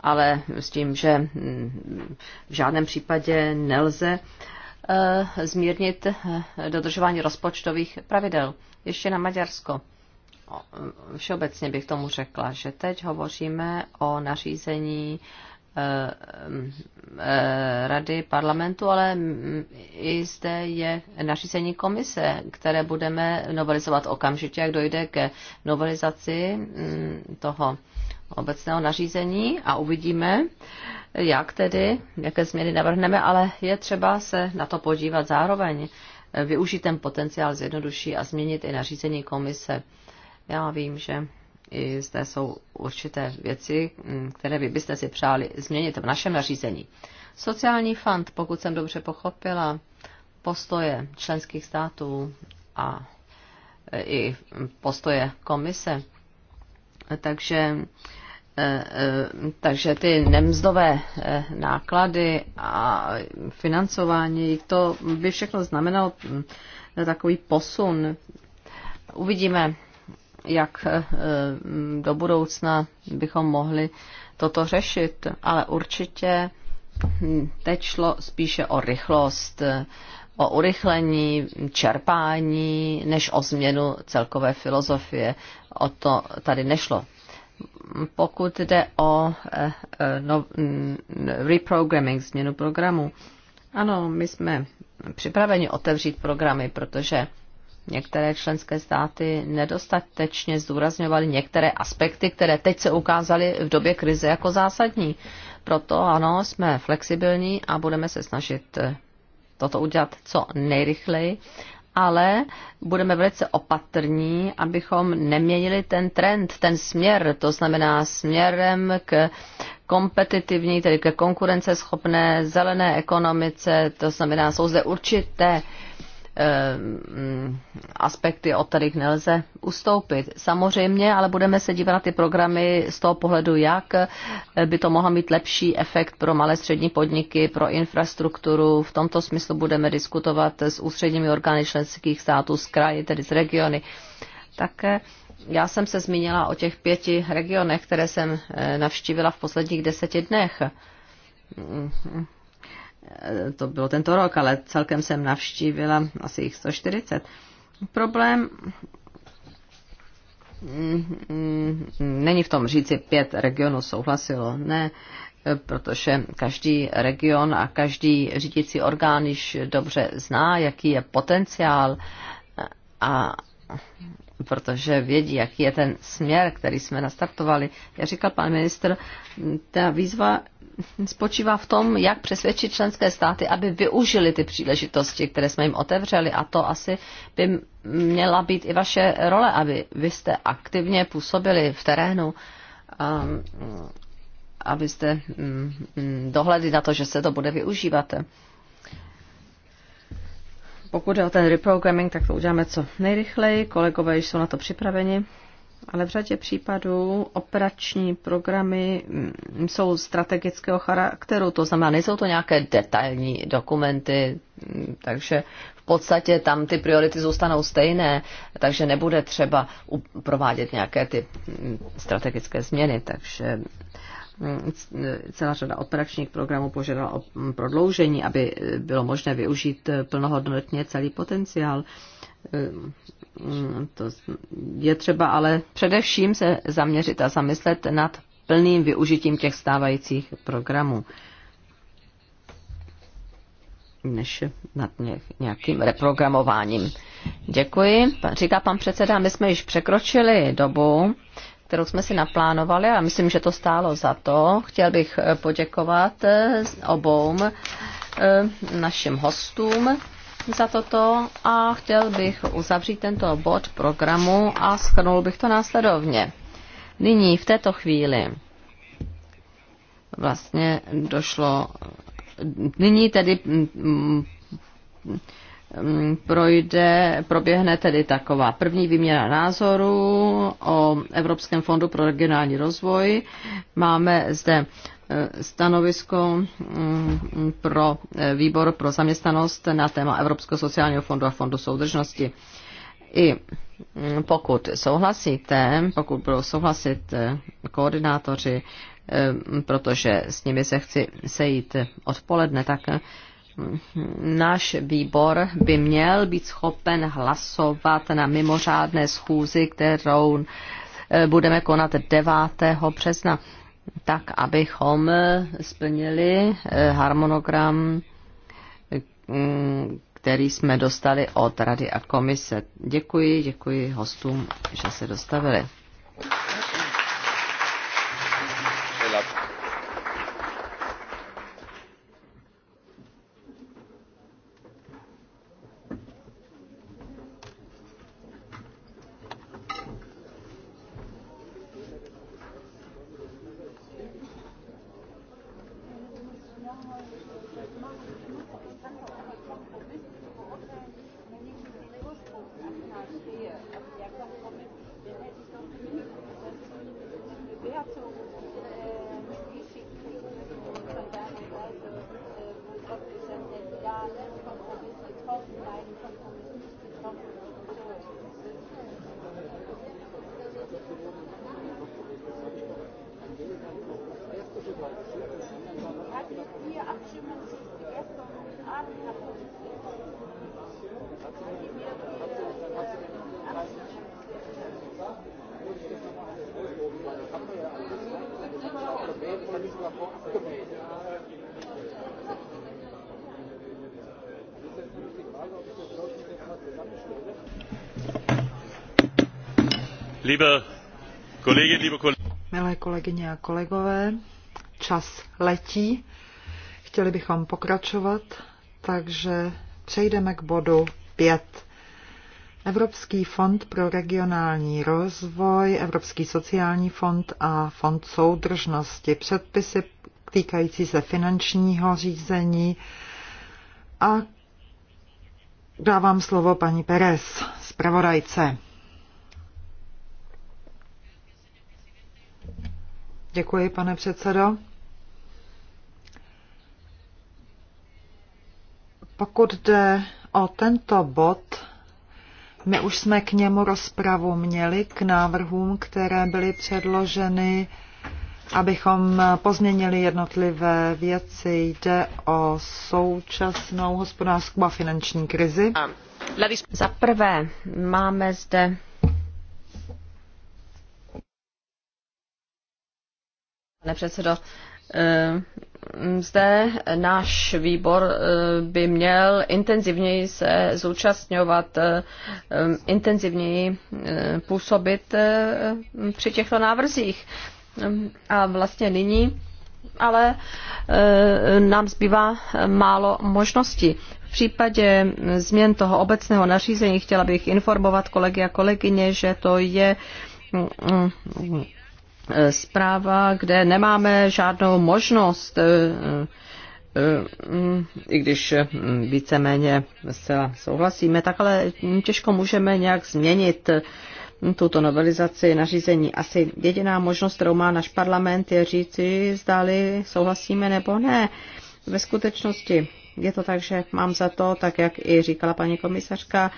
Ale s tím, že mm, v žádném případě nelze uh, Eh, zmírnit eh, dodržování rozpočtových pravidel. Ještě na Maďarsko. Eh, všeobecně bych tomu řekla, že teď hovoříme o nařízení Rady parlamentu, ale mm, i zde je nařízení komise, které budeme novelizovat okamžitě, jak dojde ke novelizaci mm, toho obecného nařízení a uvidíme, jak tedy, jaké změny navrhneme, ale je třeba se na to podívat zároveň, využít ten potenciál zjednoduší a změnit i nařízení komise. Já vím, že i zde jsou určité věci, mm, které vy byste si přáli změnit v našem nařízení. Sociální fond, pokud jsem dobře pochopila, postoje členských států a e, i postoje komise. Takže Eh, eh, takže ty nemzdové eh, náklady a financování, to by všechno znamenalo mm, takový posun. Uvidíme, jak mm, do budoucna bychom mohli toto řešit, ale určitě hm, teď šlo spíše o rychlost, o urychlení čerpání, než o změnu celkové filozofie. O to tady nešlo pokud jde o eh, eh, no, mm, reprogramming, změnu programu, ano, my jsme připraveni otevřít programy, protože některé členské státy nedostatečně zdůrazňovaly některé aspekty, které teď se ukázaly v době krize jako zásadní. Proto ano, jsme flexibilní a budeme se snažit eh, toto udělat co nejrychleji ale budeme velice opatrní, abychom neměnili ten trend, ten směr, to znamená směrem k kompetitivní, tedy ke konkurenceschopné zelené ekonomice, to znamená, jsou zde určité Eh, mm, aspekty, od kterých nelze ustoupit. Samozřejmě, ale budeme se dívat na ty programy z toho pohledu, jak eh, by to mohlo mít lepší efekt pro malé střední podniky, pro infrastrukturu. V tomto smyslu budeme diskutovat s ústředními orgány členských států, z kraji, tedy z regiony. Také eh, já jsem se zmínila o těch pěti regionech, které jsem navštívila v posledních deseti dnech mm, mm. Eh, to bylo tento rok, ale celkem jsem navštívila asi jich 140. Problém mm, mm, není v tom říci pět regionů souhlasilo, ne, eh, protože každý region a každý řídící orgán již dobře zná, jaký je potenciál eh, a protože vědí, jaký je ten směr, který jsme nastartovali. Já říkal pan ministr, ta výzva spočívá v tom, jak přesvědčit členské státy, aby využili ty příležitosti, které jsme jim otevřeli. A to asi by měla být i vaše role, aby vy jste aktivně působili v terénu, a, um, abyste mm, mm, dohledli na to, že se to bude využívat. Pokud je o ten reprogramming, tak to uděláme co nejrychleji. Kolegové jsou na to připraveni ale v řadě případů operační programy mm, jsou strategického charakteru, to znamená, nejsou to nějaké detailní dokumenty, mm, takže v podstatě tam ty priority zůstanou stejné, takže nebude třeba provádět nějaké ty mm, strategické změny, takže celá řada operačních programů požadala o prodloužení, aby bylo možné využít eh, plnohodnotně celý potenciál eh, Mm, to je třeba ale především se zaměřit a zamyslet nad plným využitím těch stávajících programů než nad nějakým reprogramováním. Děkuji. Říká pan předseda, my jsme již překročili dobu, kterou jsme si naplánovali a myslím, že to stálo za to. Chtěl bych eh, poděkovat eh, obou eh, našim hostům za toto a chtěl bych uzavřít tento bod programu a schrnul bych to následovně. Nyní, v této chvíli, vlastně došlo, nyní tedy mm, mm, projde, proběhne tedy taková první výměna názorů o Evropském fondu pro regionální rozvoj. Máme zde stanovisko mm, pro eh, výbor pro zaměstnanost na téma Evropského sociálního fondu a fondu soudržnosti. I mm, pokud souhlasíte, pokud budou souhlasit eh, koordinátoři, eh, protože s nimi se chci sejít odpoledne, tak mm, náš výbor by měl být schopen hlasovat na mimořádné schůzi, kterou budeme konat 9. března tak abychom splnili eh, harmonogram, mm, který jsme dostali od Rady a komise. Děkuji, děkuji hostům, že se dostavili. kolegové, čas letí. Chtěli bychom pokračovat, takže přejdeme k bodu 5. Evropský fond pro regionální rozvoj, Evropský sociální fond a fond soudržnosti, předpisy týkající se finančního řízení a dávám slovo paní Perez, zpravodajce. Děkuji, pane předsedo. Pokud jde o tento bod, my už jsme k němu rozpravu měli, k návrhům, které byly předloženy, abychom pozměnili jednotlivé věci. Jde o současnou hospodářskou a finanční krizi. Za prvé máme zde pane předsedo. Eh, zde náš výbor eh, by měl intenzivněji se zúčastňovat, eh, intenzivněji působit při těchto návrzích. A vlastně nyní ale nám zbývá málo možností. V případě změn toho obecného nařízení chtěla bych informovat kolegy a kolegyně, že to je mm, mm, Eh, zpráva, kde nemáme žádnou možnost, eh, eh, mm, i když víceméně zcela souhlasíme, tak ale mm, těžko můžeme nějak změnit tuto novelizaci nařízení. Asi jediná možnost, kterou má náš parlament, je říci, zdali souhlasíme nebo ne. Ve skutečnosti je to tak, že mám za to, tak jak i říkala paní komisařka,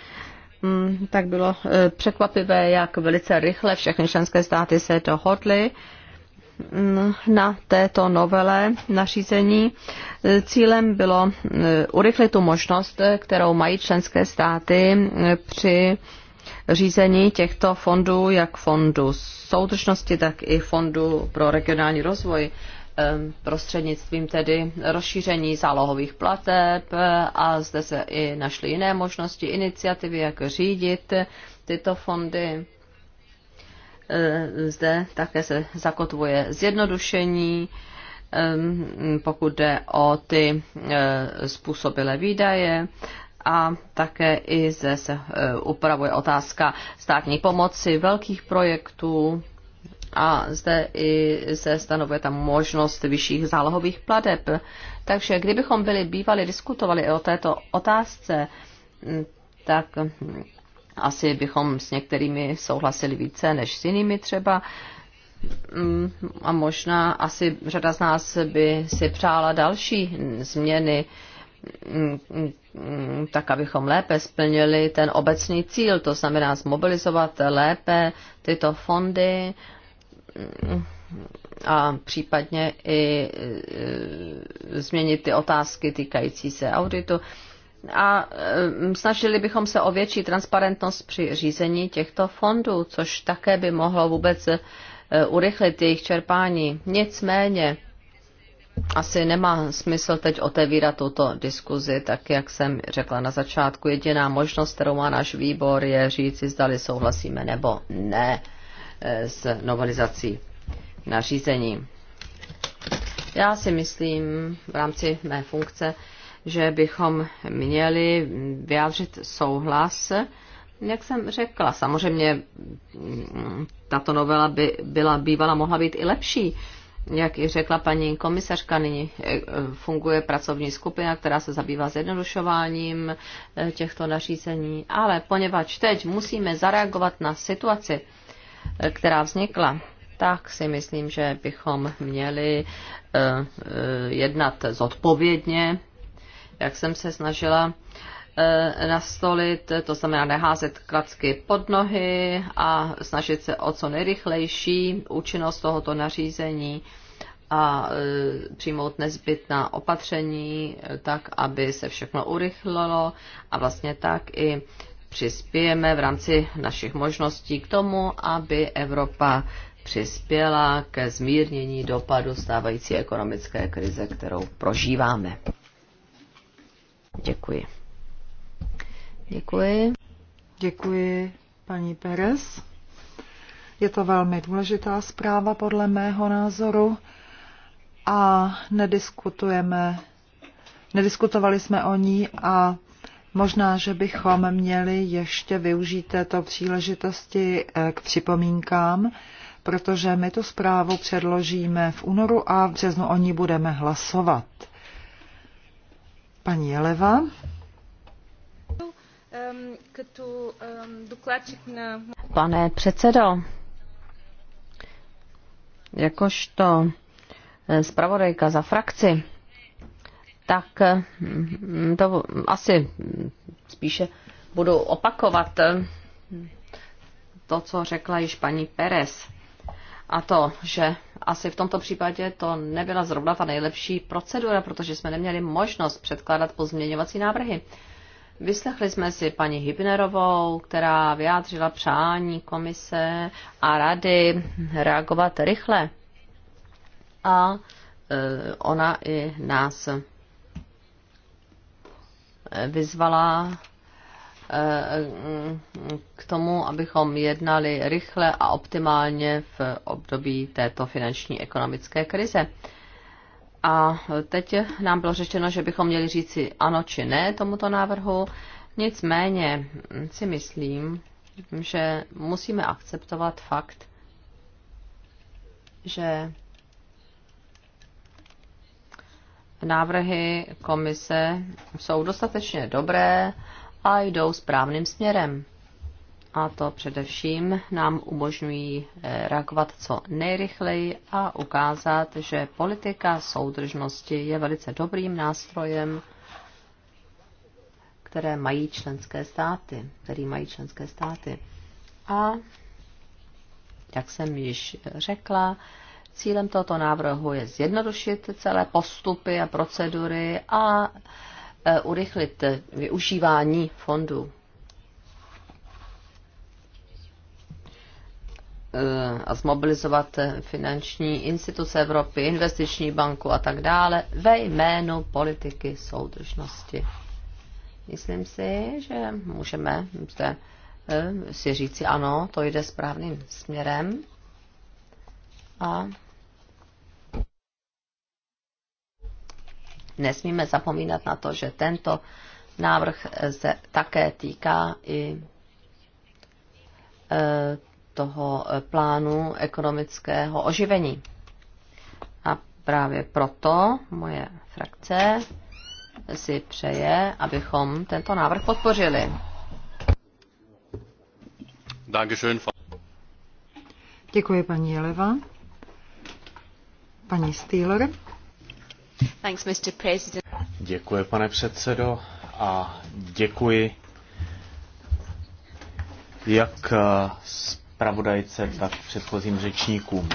Mm, tak bylo eh, překvapivé, jak velice rychle všechny členské státy se dohodly mm, na této novele nařízení. Eh, cílem bylo eh, urychlit tu možnost, kterou mají členské státy při řízení těchto fondů, jak fondu soudržnosti, tak i fondu pro regionální rozvoj prostřednictvím tedy rozšíření zálohových plateb eh, a zde se i našly jiné možnosti, iniciativy, jak řídit tyto fondy. Eh, zde také se zakotvuje zjednodušení, pokud jde o ty eh, způsobilé výdaje a také i zde se upravuje otázka státní pomoci velkých projektů, a zde i se stanovuje tam možnost vyšších zálohových pladeb. Takže kdybychom byli bývali diskutovali o této otázce, tak asi bychom s některými souhlasili více než s jinými třeba. A možná asi řada z nás by si přála další změny, tak abychom lépe splnili ten obecný cíl, to znamená zmobilizovat lépe tyto fondy a případně i e, změnit ty otázky týkající se auditu. A e, snažili bychom se o větší transparentnost při řízení těchto fondů, což také by mohlo vůbec e, urychlit jejich čerpání. Nicméně asi nemá smysl teď otevírat tuto diskuzi, tak jak jsem řekla na začátku. Jediná možnost, kterou má náš výbor, je říci, zdali souhlasíme nebo ne. Eh, s novelizací nařízení. Já si myslím v rámci mé funkce, že bychom měli vyjádřit souhlas, jak jsem řekla. Samozřejmě mm, tato novela by byla bývala mohla být i lepší. Jak i řekla paní komisařka, nyní eh, funguje pracovní skupina, která se zabývá zjednodušováním eh, těchto nařízení, ale poněvadž teď musíme zareagovat na situaci, která vznikla, tak si myslím, že bychom měli eh, eh, jednat zodpovědně, jak jsem se snažila eh, nastolit, to znamená neházet klacky pod nohy a snažit se o co nejrychlejší účinnost tohoto nařízení a přijmout nezbytná opatření tak, aby se všechno urychlilo a vlastně tak i přispějeme v rámci našich možností k tomu, aby Evropa přispěla ke zmírnění dopadu stávající ekonomické krize, kterou prožíváme. Děkuji. Děkuji. Děkuji, paní Perez. Je to velmi důležitá zpráva podle mého názoru a nediskutujeme, nediskutovali jsme o ní a Možná, že bychom měli ještě využít této příležitosti eh, k připomínkám, protože my tu zprávu předložíme v únoru a v březnu o ní budeme hlasovat. Paní Jeleva. Pane předsedo, jakožto eh, zpravodajka za frakci, tak mm, to asi spíše budu opakovat mm, to, co řekla již paní Perez. A to, že asi v tomto případě to nebyla zrovna ta nejlepší procedura, protože jsme neměli možnost předkládat pozměňovací návrhy. Vyslechli jsme si paní Hybnerovou, která vyjádřila přání komise a rady reagovat rychle. A e, ona i nás vyzvala eh, k tomu, abychom jednali rychle a optimálně v období této finanční ekonomické krize. A teď nám bylo řečeno, že bychom měli říci ano či ne tomuto návrhu. Nicméně si myslím, že musíme akceptovat fakt, že návrhy komise jsou dostatečně dobré a jdou správným směrem. A to především nám umožňují eh, reagovat co nejrychleji a ukázat, že politika soudržnosti je velice dobrým nástrojem, které mají členské státy, který mají členské státy. A jak jsem již řekla, Cílem tohoto návrhu je zjednodušit celé postupy a procedury a e, urychlit využívání fondů. E, a zmobilizovat finanční instituce Evropy, investiční banku a tak dále ve jménu politiky soudržnosti. Myslím si, že můžeme zde e, si říci ano, to jde správným směrem a nesmíme zapomínat na to, že tento návrh se také týká i e, toho plánu ekonomického oživení. A právě proto moje frakce si přeje, abychom tento návrh podpořili. Děkuji paní Jeleva. Paní Steeler. Děkuji, pane předsedo, a děkuji jak eh, zpravodajce, tak předchozím řečníkům.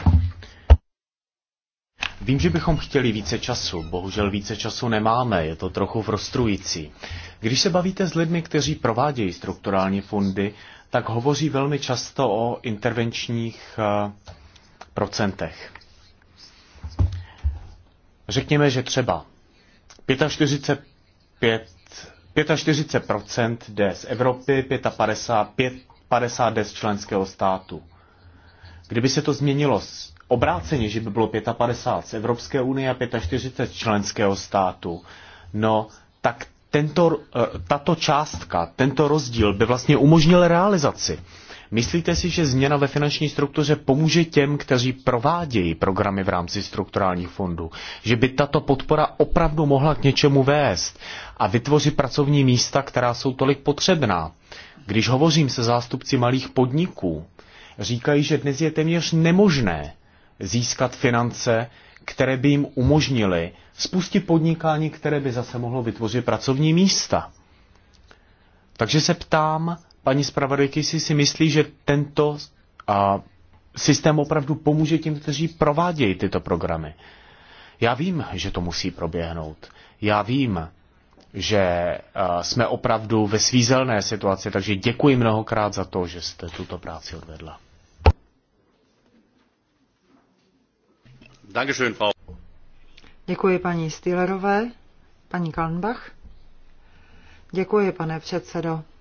Vím, že bychom chtěli více času, bohužel více času nemáme, je to trochu frustrující. Když se bavíte s lidmi, kteří provádějí strukturální fondy, tak hovoří velmi často o intervenčních eh, procentech. Řekněme, že třeba 45, 45 jde z Evropy, 55, 50 jde z členského státu. Kdyby se to změnilo obráceně, že by bylo 55 z Evropské unie a 45 z členského státu, no tak tento, eh, tato částka, tento rozdíl by vlastně umožnil realizaci Myslíte si, že změna ve finanční struktuře pomůže těm, kteří provádějí programy v rámci strukturálních fondů? Že by tato podpora opravdu mohla k něčemu vést a vytvořit pracovní místa, která jsou tolik potřebná? Když hovořím se zástupci malých podniků, říkají, že dnes je téměř nemožné získat finance, které by jim umožnily spustit podnikání, které by zase mohlo vytvořit pracovní místa. Takže se ptám, paní zpravodajky si, si myslí, že tento a, systém opravdu pomůže těm, kteří provádějí tyto programy. Já vím, že to musí proběhnout. Já vím, že jsme opravdu ve svízelné situaci, takže děkuji mnohokrát za to, že jste tuto práci odvedla. Děkuji paní Stýlerové, paní Kalnbach. Děkuji, pane předsedo.